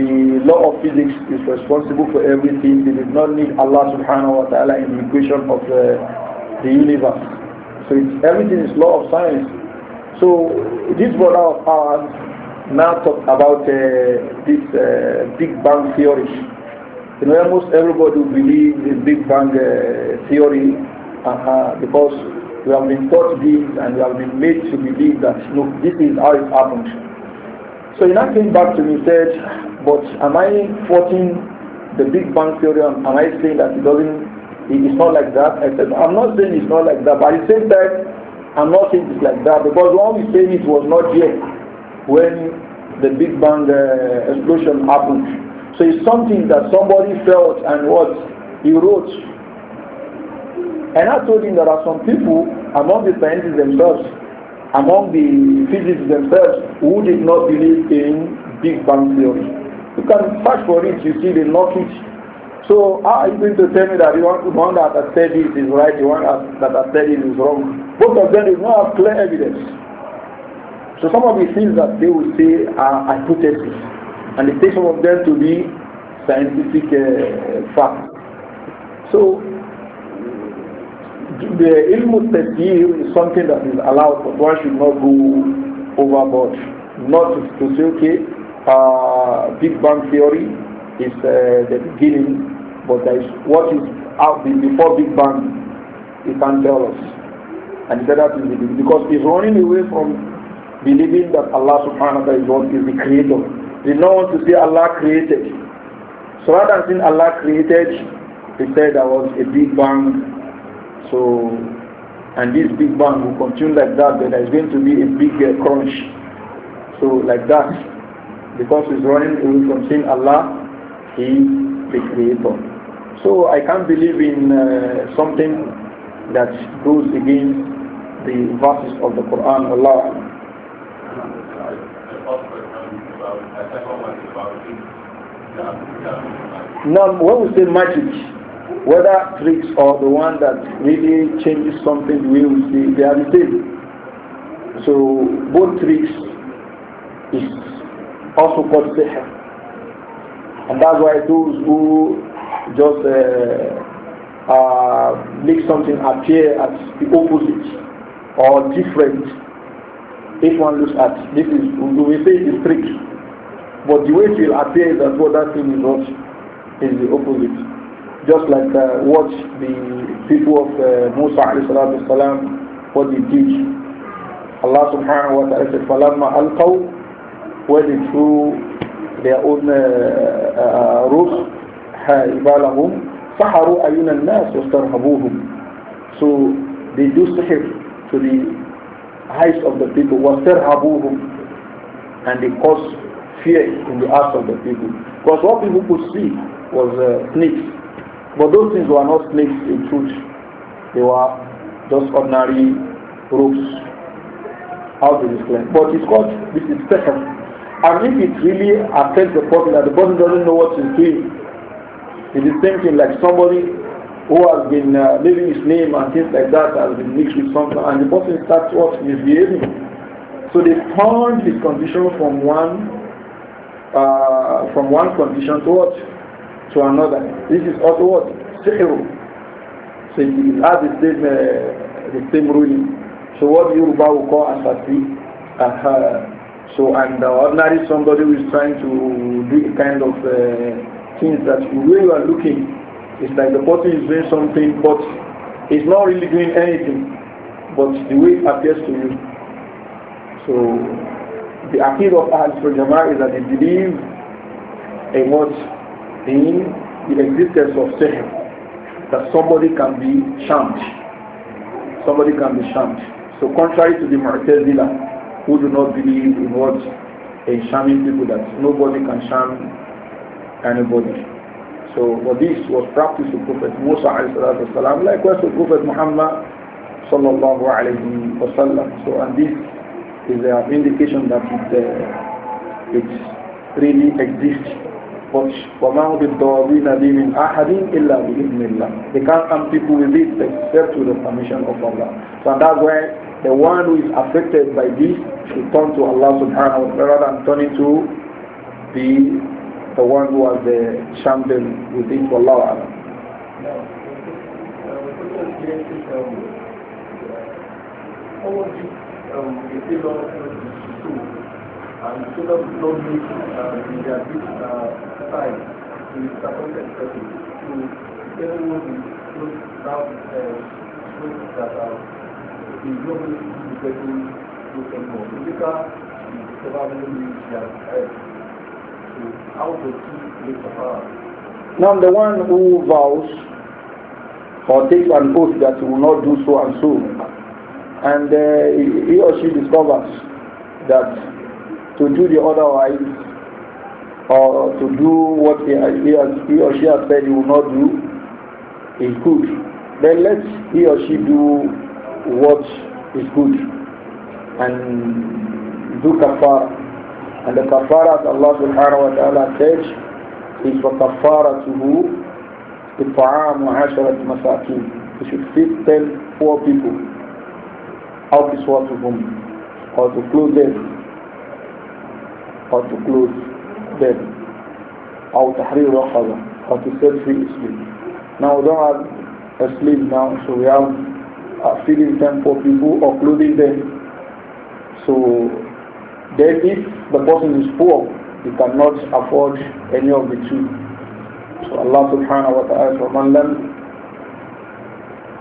the law of physics is responsible for everything. They did not need Allah Subhanahu wa Taala in the equation of the, uh, the universe. So it's, everything is law of science. So this brother of ours now talk about uh, this uh, Big Bang theory. You know, almost everybody believes in Big Bang uh, theory -huh, because we have been taught this and we have been made to believe that look, this is how it happened. So he now came back to me and said, but am I quoting the Big Bang theory? Am I saying that it doesn't? It's not like that. I said, I'm not saying it's not like that, but he said that I'm not saying it's like that because when we saying it was not there when the Big Bang uh, explosion happened. So it's something that somebody felt and what he wrote. And I told him there are some people among the scientists themselves, among the physicists themselves, who did not believe in Big Bang theory. You can search for it, you see they knock it. So how are you going to tell me that the one, the one that has said is right, the one that has said it is wrong? Both of them do not have clear evidence. So some of the things that they will say are hypotheses, and they take some of them to be scientific uh, facts. So the ilm tafsir is something that is allowed, but one should not go overboard. Not to say, okay, uh, Big Bang theory is uh, the beginning, but there is what is out before Big Bang, it can tell us. And that is because it's running away from believing that Allah subhanahu wa ta'ala is, the creator. They don't want to say Allah created. So rather than saying Allah created, they said there was a big bang. So, and this big bang will continue like that, Then there's going to be a big uh, crunch. So like that, because it's running away from seeing Allah is the creator. So I can't believe in uh, something that goes against the verses of the Quran. Allah Now, when we say magic, whether tricks or the one that really changes something we see, they are the same. So, both tricks is also called sihr. And that's why those who just uh, uh, make something appear as the opposite or different, if one looks at this is, we say it is trick. But the way it will appear is that what that thing is not is the opposite. Just like uh, what the people of uh, Musa salam, what they did. Allah subhanahu wa ta'ala said, فَلَمَّا أَلْقَوْا When they threw their own uh, uh, roofs, حَيْبَالَهُمْ سحروا أعين الناس واسترهبوهم so they do sihr to the eyes of the people واسترهبوهم and they cause fear in the hearts of the people. Because what people could see was uh, snakes. But those things were not snakes in truth. They were just ordinary ropes. How to explain? But it's called, this is special. And if it really affects the person that the person doesn't know what he's doing, it is thinking like somebody who has been, uh, maybe his name and things like that has been mixed with something and the person starts what behaving. So they turned his condition from one uh, from one condition to what? To another. This is also what? Sihr. So you have the same, uh, the same ruling. So what Yoruba will call asati, uh, uh-huh. so and uh, ordinary somebody who is trying to do a kind of uh, things that the way you are looking, is like the person is doing something but it's not really doing anything, but the way it appears to you. So The appeal of Ahlul Sunnah is that they believe in what? In the existence of shaykh, That somebody can be charmed. Somebody can be charmed. So contrary to the Mu'tazila, who do not believe in what? In charming people that nobody can charm anybody. So well, this was practiced with Prophet Musa والسلام, likewise with Prophet Muhammad sallallahu alayhi wa So and this is an indication that it, uh, it really exists. But وَمَا بِالضَّوَابِينَ بِي مِنْ أَحَدٍ إِلَّا بِإِذْنِ اللَّهِ They can't come people with it except with the permission of Allah. So that's why the one who is affected by this should turn to Allah subhanahu wa ta'ala rather than turning to the, the one who has the uh, champion with it. Wallahu Now, um, a tailor and uh, the tailor not meet uh, uh in their big uh, size to the circumference setting. So the be close now uh, that uh, the global is getting close anymore. The liquor is probably the their size. So how does he make power? Now the one who vows or takes an oath that he will not do so and so and uh, he or she discovers that to do the otherwise or to do what he, has, he or she has said he will not do is good, then let he or she do what is good and do kafara. And the kafara that Allah subhanahu wa ta'ala says is for kafara to who? إطعام عشرة مساكين. You should feed ten poor people how to swallow them? whom or to close them or to close them or تحرير رقبة or to set free sleep? Now we don't have a slave now so we have uh, feeding them for people or clothing them. So then if the person is poor he cannot afford any of the two. So Allah subhanahu wa ta'ala وَمَنْ لَمْ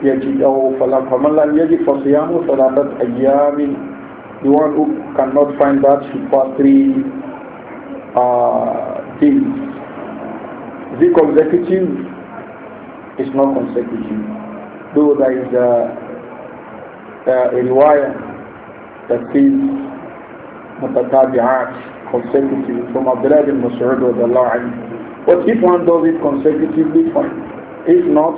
يجده فمن لم يجد فصيام ثلاثة أيام the one who cannot find that should fast three uh, days. Is it consecutive? It's not consecutive. Though there is a, uh, a, a rewire that says mutatabi'at consecutive from Abdullah bin Mas'ud But if one does it consecutively, fine. If not,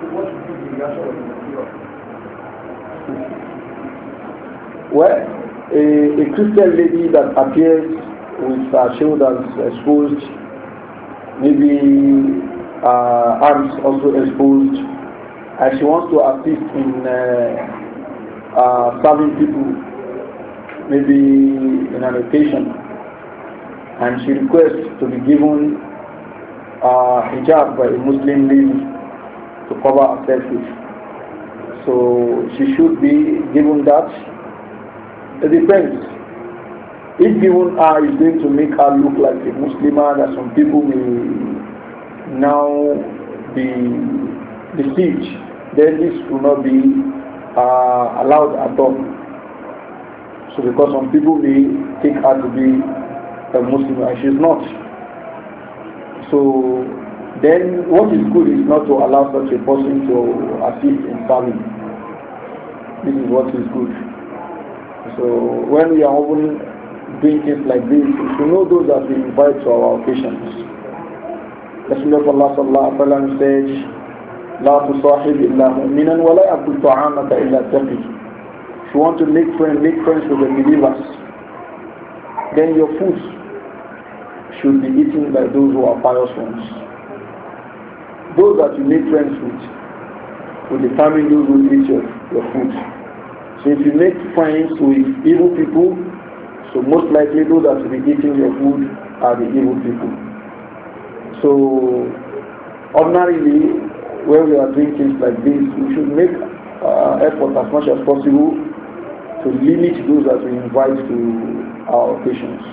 what should be the reaction of the Well, a, a Christian lady that appears with her shoulders exposed, maybe uh, arms also exposed, and she wants to assist in uh, uh, serving people, maybe in an occasion, and she requests to be given uh, hijab by a Muslim lady to cover her face, So she should be given that. It depends. If given ah, her is going to make her look like a Muslim, ah, that some people may now be deceived, then this will not be uh, allowed at all. So because some people may take her to be a Muslim and she's not. So then what is good is not to allow such a person to assist in farming. This is what is good. So when we are doing things like this, we should know those that we invite to our occasions. Rasulullah sallallahu alaihi wasallam said, لا تصاحب إلا مؤمنا ولا يأكل طعامك إلا تقي. If you want to make friends, make friends with the believers. Then your food should be eaten by those who are pious ones. Those that you make friends with will determine those who eat your, your food. So if you make friends with evil people, so most likely those that will be eating your food are the evil people. So ordinarily, when we are doing things like this, we should make uh, effort as much as possible to limit those that we invite to our occasions.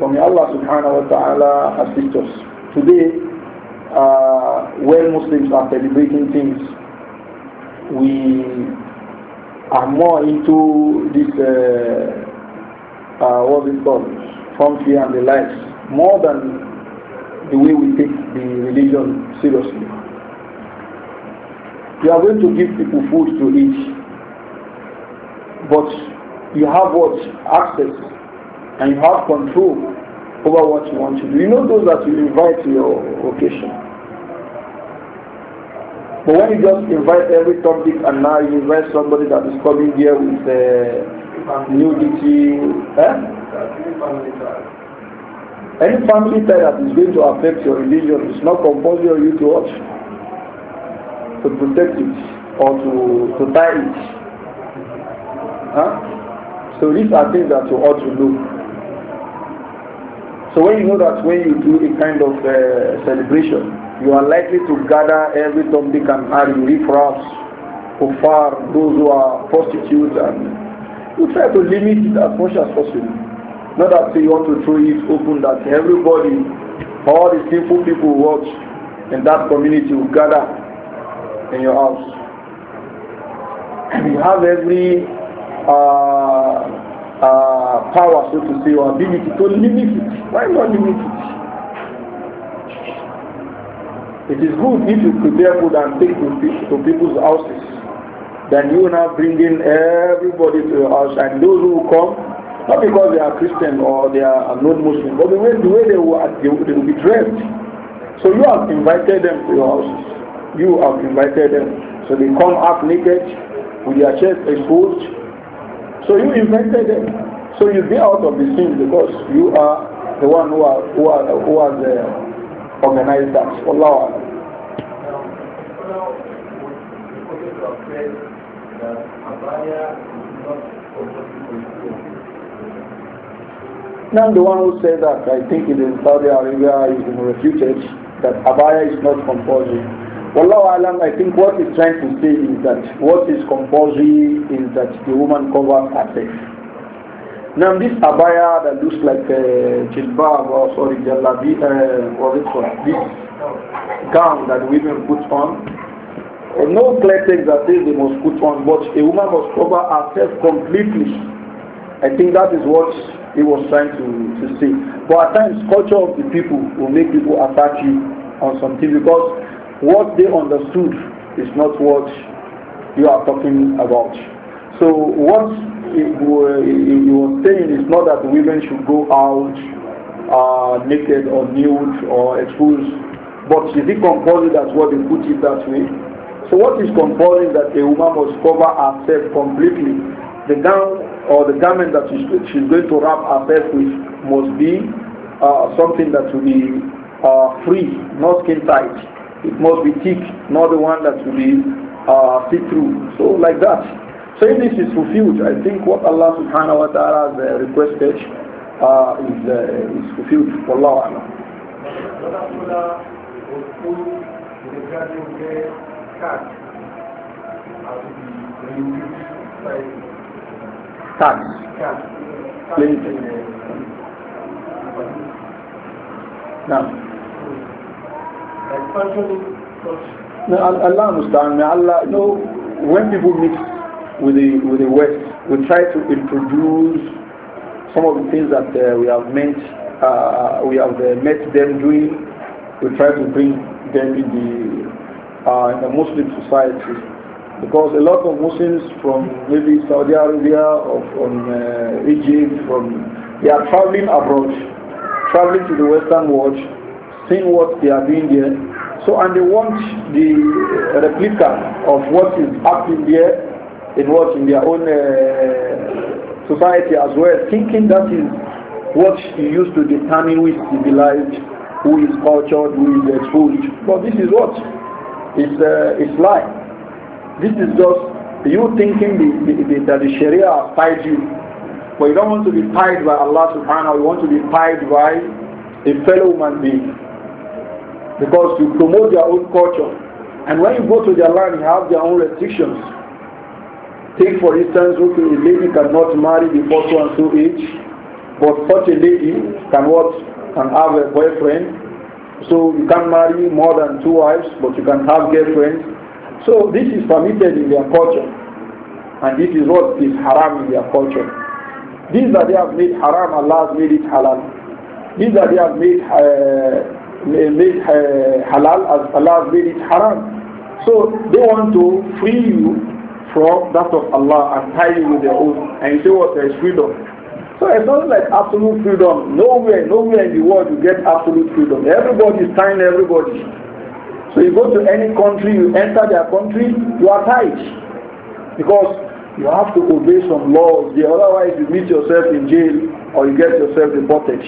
From Allah subhanahu wa ta'ala assist us. Today, uh, when Muslims are celebrating things, we are more into this, uh, uh, what is it called, fear, and the likes, more than the way we take the religion seriously. You are going to give people food to eat, but you have what? Access and you have control over what you want to do. You know those that you invite to your occasion. But when you just invite every topic and now you invite somebody that is coming here with uh, new eh? any family tie that is going to affect your religion is not compulsory you to watch, to protect it or to, to tie it. Huh? So these are things that you ought to know. So when you know that when you do a kind of uh, celebration, you are likely to gather every Tom, Dick and Harry, riffraffs, kuffar, those who are prostitutes, and you try to limit it as much as possible. Not that you want to throw it open that everybody, all the sinful people who watch in that community will gather in your house. And you have every uh, uh, power, so to say, or ability to limit it. Why not limit it? It is good if you prepare food and take to, to people's houses. Then you now bring in everybody to your house, and those who come, not because they are Christian or they are non-Muslim, but the way, the way they, were, they, they will be dressed. So you have invited them to your houses. You have invited them. So they come up naked with their chest exposed So you invented them. So you be out of the scene because you are the one who are who are who has uh, organized Allah. Now the one who said that I think it is Saudi Arabia is refuted that abaya is not compulsory. Wallahu alam, I think what he's trying to say is that what is compulsory is that the woman covers herself. Now this abaya that looks like a uh, jilbab or sorry jalabi uh, or this gown that women put on, uh, no clear text that says they must put on, but a woman must cover herself completely. I think that is what he was trying to, to say. But at times culture of the people will make people attack you on something because what they understood is not what you are talking about. So what you were saying is not that women should go out uh, naked or nude or exposed, but is it compulsory that what they put it that way? So what is compulsory that a woman must cover herself completely? The gown or the garment that she's going to wrap herself with must be uh, something that will be uh, free, not skin tight. It must be thick, not the one that will be uh, see-through. So like that. So if this is fulfilled, I think what Allah subhanahu wa ta'ala has uh, requested uh, is, uh, is fulfilled. for Allah. Tax. Now. No, Allah understand. May Allah, you know, when people meet with the with the West, we try to introduce some of the things that uh, we have met uh, we have uh, met them doing. We try to bring them in the uh, in the Muslim society because a lot of Muslims from maybe Saudi Arabia or from uh, Egypt, from they are traveling abroad, traveling to the Western world seeing what they are doing there. So, and they want the replica of what is happening there in what in their own uh, society as well, thinking that is what you used to determine who is civilized, who is cultured, who is exposed. But this is what is uh, it's lie. This is just you thinking the, the, the, that the Sharia has tied you. But you don't want to be tied by Allah subhanahu wa you want to be tied by a fellow human being because you promote their own culture. And when you go to their land, you have their own restrictions. Take for instance, okay, a lady cannot marry before so and so age, but such a lady can what can have a boyfriend. So you can marry more than two wives, but you can have girlfriends. So this is permitted in their culture. And this is what is haram in their culture. These that they have made haram, Allah has made it halal. These that they have made uh, made eh, halal as Allah made it haram. So they want to free you from that of Allah and tie you with their own. And you say what? There is freedom. So it's not like absolute freedom. Nowhere, nowhere in the world you get absolute freedom. Everybody is tying everybody. So you go to any country, you enter their country, you are tied. Because you have to obey some laws there, otherwise you meet yourself in jail or you get yourself deported.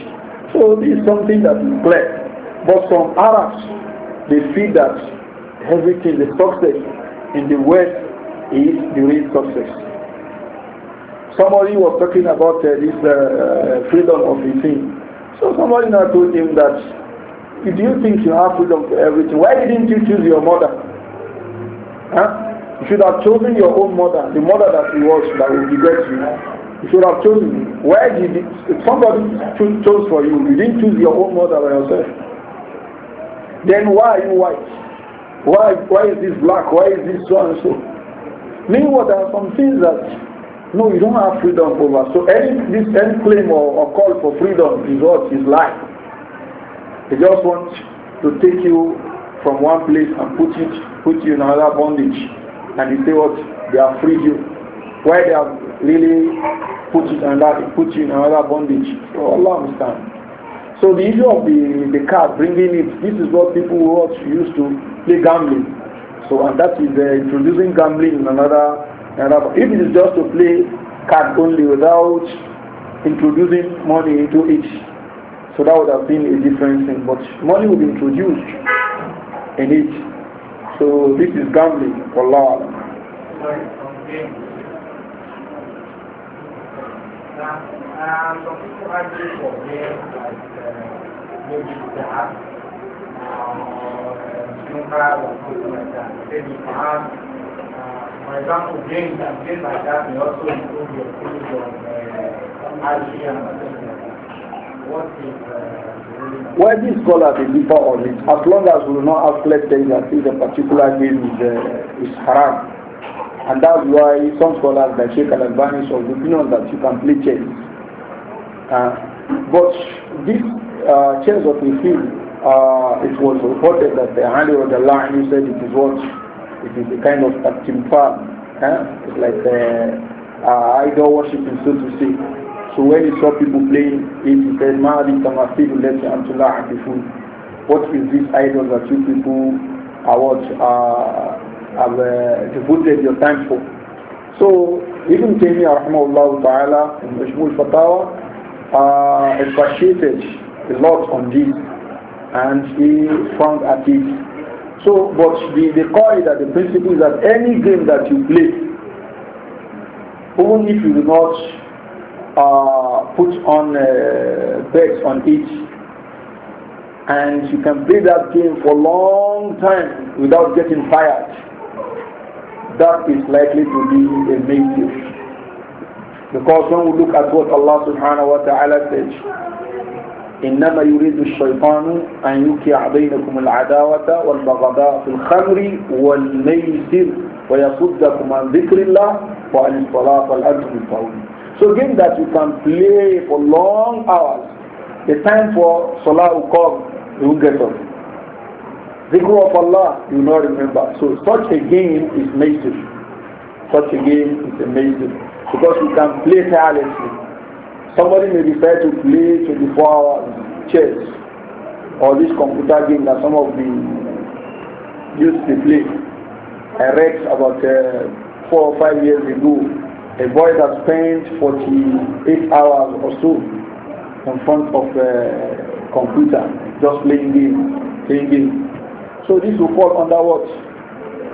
So this is something that is clear. But some Arabs, they feel that everything, the success in the West is the real success. Somebody was talking about uh, this uh, uh, freedom of the thing. So somebody now told him that, do you think you have freedom for everything? Why didn't you choose your mother? Huh? You should have chosen your own mother, the mother that you was that will beget you. You should have chosen. Why did somebody choose chose for you? You didn't choose your own mother by yourself. Then why you white? Why, why is this black? Why is this so and so? Meanwhile, there are some things that, no, you don't have freedom over. So any, this, any claim or, or call for freedom is what is lie. They just want to take you from one place and put, it, put you in another bondage. And they say what? They have freed you. Why they have really put, it another, put you in another bondage? So Allah understand. So the issue of the, the card, bringing it, this is what people who used to play gambling. So and that is uh, introducing gambling in another, another. If it is just to play card only without introducing money into it, so that would have been a different thing. But money would be introduced in it. So this is gambling, Allah. Sorry, Um, probably for men, like uh, maybe the app or Snooker or something like What is uh, well, these scholars they on it. As long as we do not outlet things and say the particular game is, uh, is haram, And that's why some scholars like Sheikh Al-Albani is of the opinion that you can play chess. Uh, but this uh, chess of the field, uh, it was reported that the Ali of the line said it is what? It is a kind of acting Eh? It's like the uh, idol worshiping, so to say. So when he saw people playing it, he said, Ma'adi tamafidu leti antula What is this idol that you people are what? Uh, have uh, devoted your time for. So Ibn Taymiyyah rahmahullah ta'ala in Majmul Fatawa uh, a lot on this and he found at it. So but the, the qaida, the principle is that any game that you play, even if you do not uh, put on uh, bets on it, and you can play that game for a long time without getting fired that is likely to be a major. Because when we look at what Allah subhanahu wa ta'ala says, إنما يريد الشيطان أن يوقع بينكم العداوة والبغضاء في الخمر والميسر ويصدكم عن ذكر الله وعن الصلاة والأنتم الطاعون. So again that you can play for long hours, the time for salah will come, you will get up. Zikr of Allah, you not remember. So such a game is amazing. Such a game is amazing. Because you can play tirelessly. Somebody may refer to play 24 hours chess or this computer game that some of the youth they play. I read about uh, four or five years ago a boy that spent 48 hours or so in front of a uh, computer just playing game, playing So this will fall under what?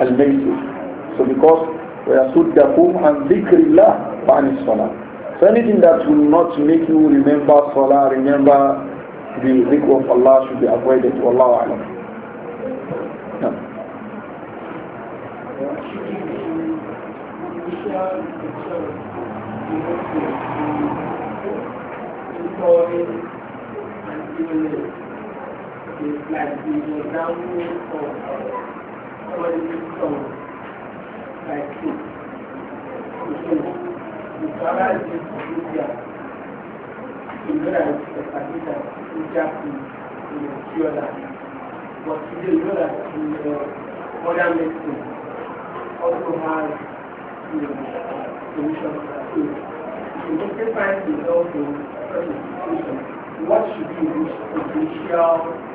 Al-Maisir. So because we وَيَصُدَّكُمْ عَنْ and اللَّهِ وَعَنِ salah. So anything that will not make you remember Salah, remember the zikr of Allah should be avoided. Wallahu A'lam. No. Thank is like the download of uh, quality song, like this. the is the But today, you know that the uh, modern medicine also has you know, to it. If you find results in such a situation, what should be the initial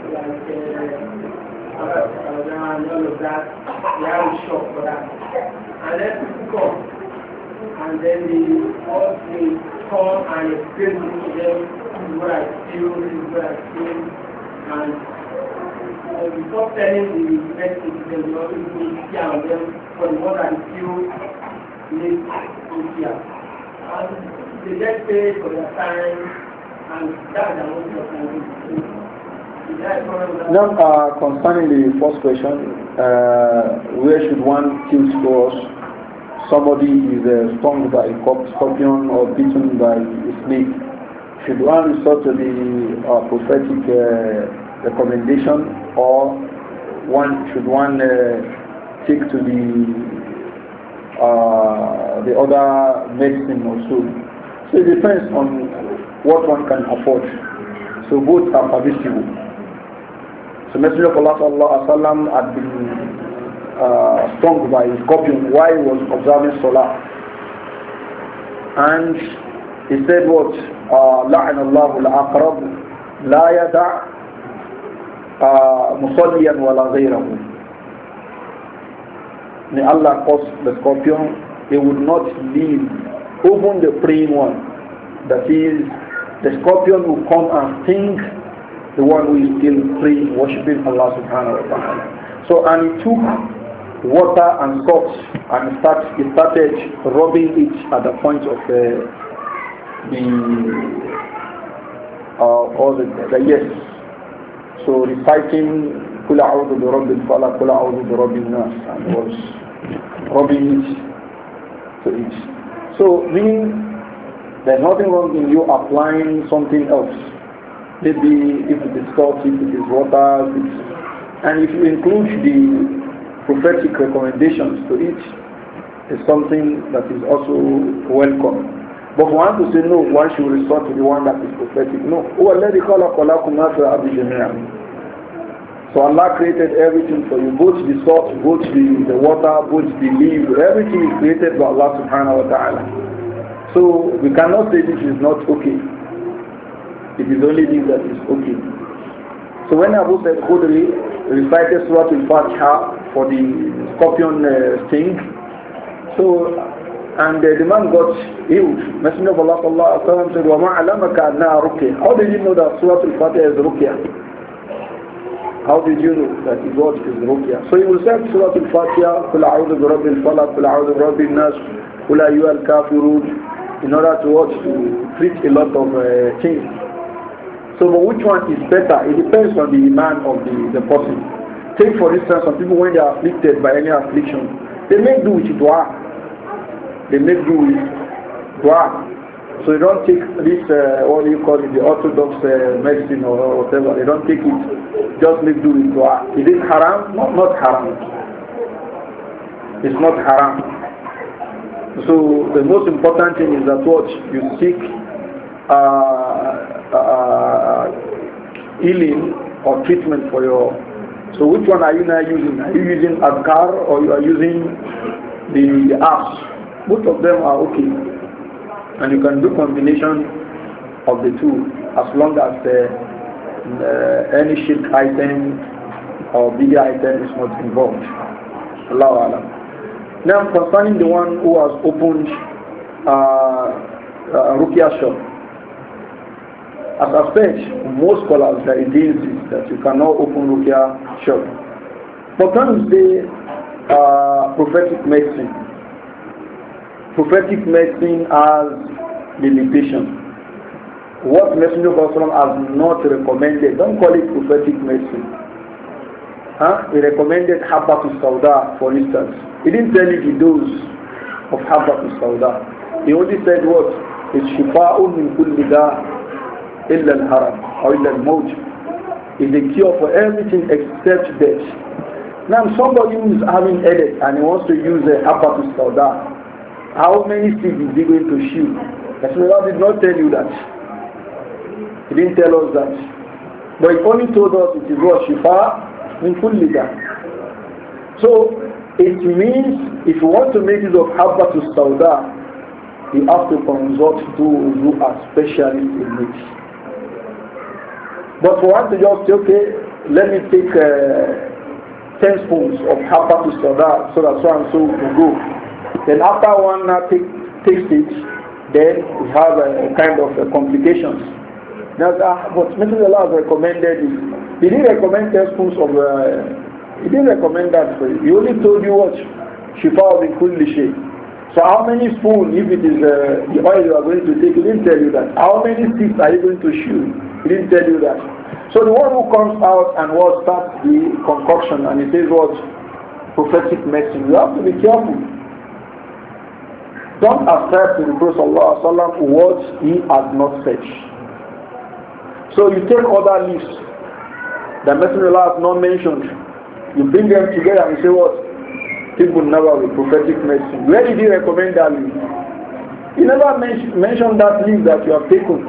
like uh, and all of that, they are for that. And then come, and then they come and explain to them what I feel, what I and telling the message to they them for to hear. And they for their time, and that's the most of them. Now, uh, concerning the first question, uh, where should one kill scores? Somebody is uh, stung by a scorpion or bitten by a snake. Should one resort to the uh, prophetic uh, recommendation, or one should one uh, take to the uh, the other medicine or so? So it depends on what one can afford. So both are permissible. The Messenger of Allah sallallahu alaihi wasallam had been uh, stung by a scorpion while he was observing Salah. And he said what? لعن الله الأقرب لا يدع مصليا ولا غيره. May Allah cause the scorpion, he would not leave even the praying one. That is, the scorpion will come and sting the one who is still praying, worshipping Allah subhanahu wa ta'ala. So and he took water and salt and start, he started rubbing it at the point of uh, the uh, all the, the yes. So reciting Kula Audu bi Fala, Kula Audu bi Nas and was rubbing it to it. So meaning there's nothing wrong in you applying something else maybe if it is salt, if it is water, if and if you include the prophetic recommendations to it, is something that is also welcome. But one to say no, one should resort to the one that is prophetic. No. So Allah created everything for you, both the salt, both the, the water, both the leaves, everything is created by Allah subhanahu wa ta'ala. So we cannot say this is not okay. It is only this that is okay. So when Abu Said Khudri recited Surah Al-Fatiha for the scorpion uh, sting, so and uh, the man got healed. Messenger of Allah sallallahu alaihi wasallam said, "Wama alamaka na ruqya." How did you know that Surah Al-Fatiha is ruqya? How did you know that it was is ruqya? So he will say Surah Al-Fatiha, "Qul a'udhu bi rabbil falaq, qul a'udhu bi rabbin nas, qul ayyuhal kafirun," in order to what to treat a lot of uh, things. So but which one is better? It depends on the demand of the, the person. Take for instance some people when they are afflicted by any affliction, they make do with dua. They make do with dua. So they don't take this, uh, what do you call it, the orthodox uh, medicine or, or whatever. They don't take it. Just make do with dua. Is it haram? No, not haram. It's not haram. So the most important thing is that what you seek uh, uh, healing or treatment for your. So which one are you now using? Are you using Adkar or you are using the apps? Both of them are okay. And you can do combination of the two as long as the, any shirk item or bigger item is not involved. Allahu Alam. Now concerning the one who has opened uh, uh Rukia shop, as i said, most scholars are against that you cannot open Rukia shop. But when they uh, prophetic medicine, prophetic medicine has limitation. What Messenger of Allah has not recommended, don't call it prophetic medicine. Huh? He recommended Habbat Sauda, for instance. He didn't tell you the dose of Habbat Sauda. He only said what? It's Shifa'un min kulli da' إلا الحرم أو إلا الموت is a cure for everything except death. Now somebody who is having headache and he wants to use a apple to that, how many seeds is he going to shoot? The Rasulullah did not tell you that. He didn't tell us that. But he only told us it is what Shifa in Kullida. So it means if you want to make use of Habba to Sauda, you have to consult those who are specialists in it. But for us to just say, okay, let me take uh, 10 spoons of half to that, so that so and so will go. Then after one now take, takes it, then we have a, a kind of complications. Now, uh, ah, what Mr. Allah has recommended is, he didn't recommend 10 spoons of, uh, he didn't recommend that for you. He only told you what, shifa of the so how many spoons? if it is uh, the oil you are going to take, he didn't tell you that. How many sticks are you going to shoot? He didn't tell you that. So the one who comes out and what starts the concoction and he says what prophetic message, you have to be careful. Don't ascribe to the Prophet Allah what he has not said. So you take other lists the Messenger Allah has not mentioned. You bring them together and you say what? Tibbun Nawawi, prophetic medicine. Where did he recommend that leaf? He never mentioned that leaf that you have taken.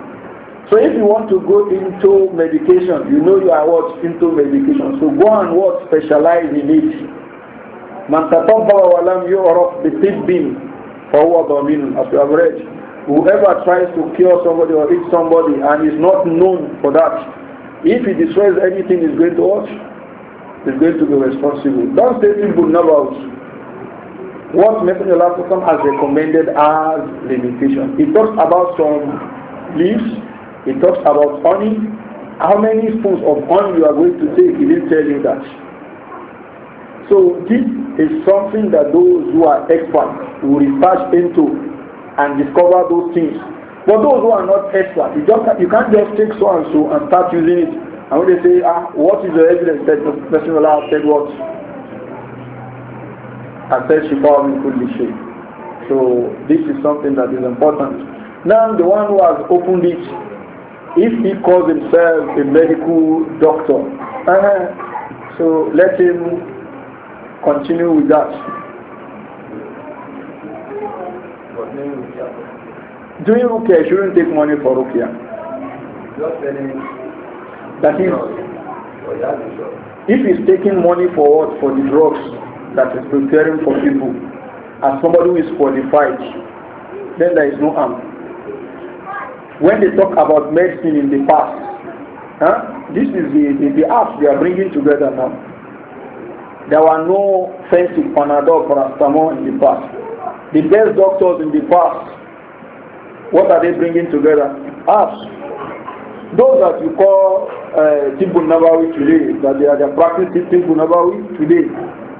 So if you want to go into medication, you know you are what? Into medication. So go and what? Specialize in it. Man tatabbara wa lam yu'raf bi tibbin fahuwa dhaminun as we have read. Whoever tries to cure somebody or eat somebody and is not known for that, if he destroys anything, is going to what? He's going to be responsible. Don't say people know about what Messenger of Allah has recommended as limitation. It talks about some leaves, it talks about honey. How many spoons of honey you are going to take, he didn't tell you that. So this is something that those who are experts will research into and discover those things. But those who are not experts, you, just, you can't just take so and so and start using it. And when they say, ah, what is the evidence that Messenger of Allah said what? and said Shifa min kulli So this is something that is important. Now the one who has opened it, if he calls himself a medical doctor, uh -huh, so let him continue with that. Doing rukia shouldn't take money for rukia. That is, if he's taking money for what? For the drugs, that is preparing for people as somebody who is qualified, then there is no harm. When they talk about medicine in the past, huh, this is the, the, the apps they are bringing together now. There were no fancy Panadol, Astamo in the past. The best doctors in the past, what are they bringing together? Apps. Those that you call uh, Tibu Nabawi today, that they are, practicing Tibu Nabawi today,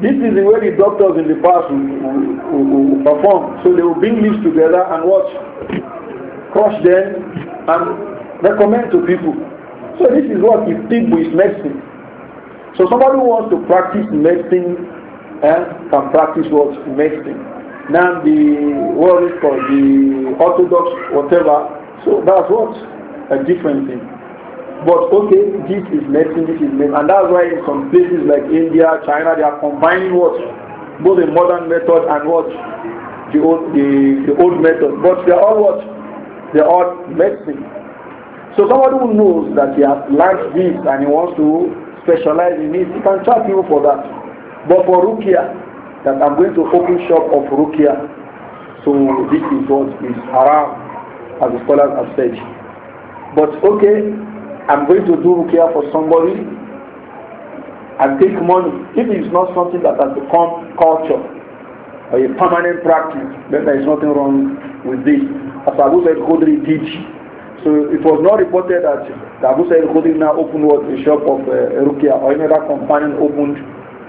this is the way the doctors in the past will, perform. So they will bring leaves together and watch, Crush them and recommend to people. So this is what if people is medicine. So somebody who wants to practice medicine and eh, can practice what medicine. Now the what is called the orthodox whatever. So that's what a different thing. But okay, this is medicine, this is medicine. And that's why in some places like India, China, they are combining what? Both the modern method and what? The old, the, the old method. But they are all what? They are all medicine. So somebody who knows that he has learned this and he wants to specialize in it, he can charge you for that. But for Rukia, that I'm going to open shop of Rukia, so this is what is haram, as the scholars have said. But okay, I'm going to do care for somebody and take money. If it is not something that has become culture or a permanent practice, then there is nothing wrong with this. As Abu Sayyid Khudri teach, So it was not reported that, that Abu Sayyid Khudri now opened what, the shop of uh, Rukia or another companion opened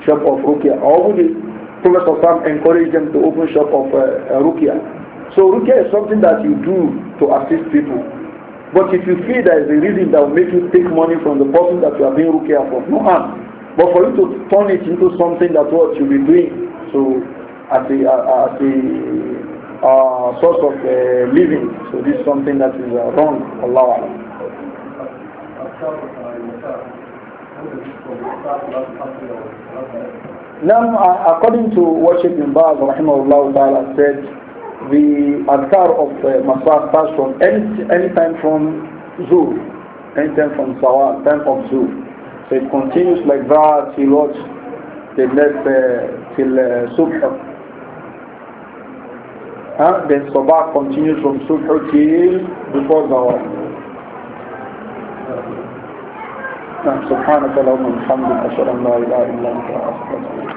shop of Rukia. Or would the Prophet of Islam encourage them to open shop of uh, Rukia? So Rukia is something that you do to assist people. But if you feel there is a reason that will make you take money from the person that you are being rukia for, no harm. But for you to turn it into something that what you'll be doing, so the a, at the uh, source of uh, living, so this is something that is uh, wrong. Allah Now, uh, according to what Sheikh Bin Baz, rahimahullah ta'ala, said, the adkar of uh, Masraf starts from any, any time from Zuhr, any time from Sawal, time of Zuhr. So it continues like that till what? Till next, uh, till uh, Subh. Uh, then Sabah continues from Subh till before Zawal. سبحانك اللهم وبحمدك اشهد ان لا اله الا انت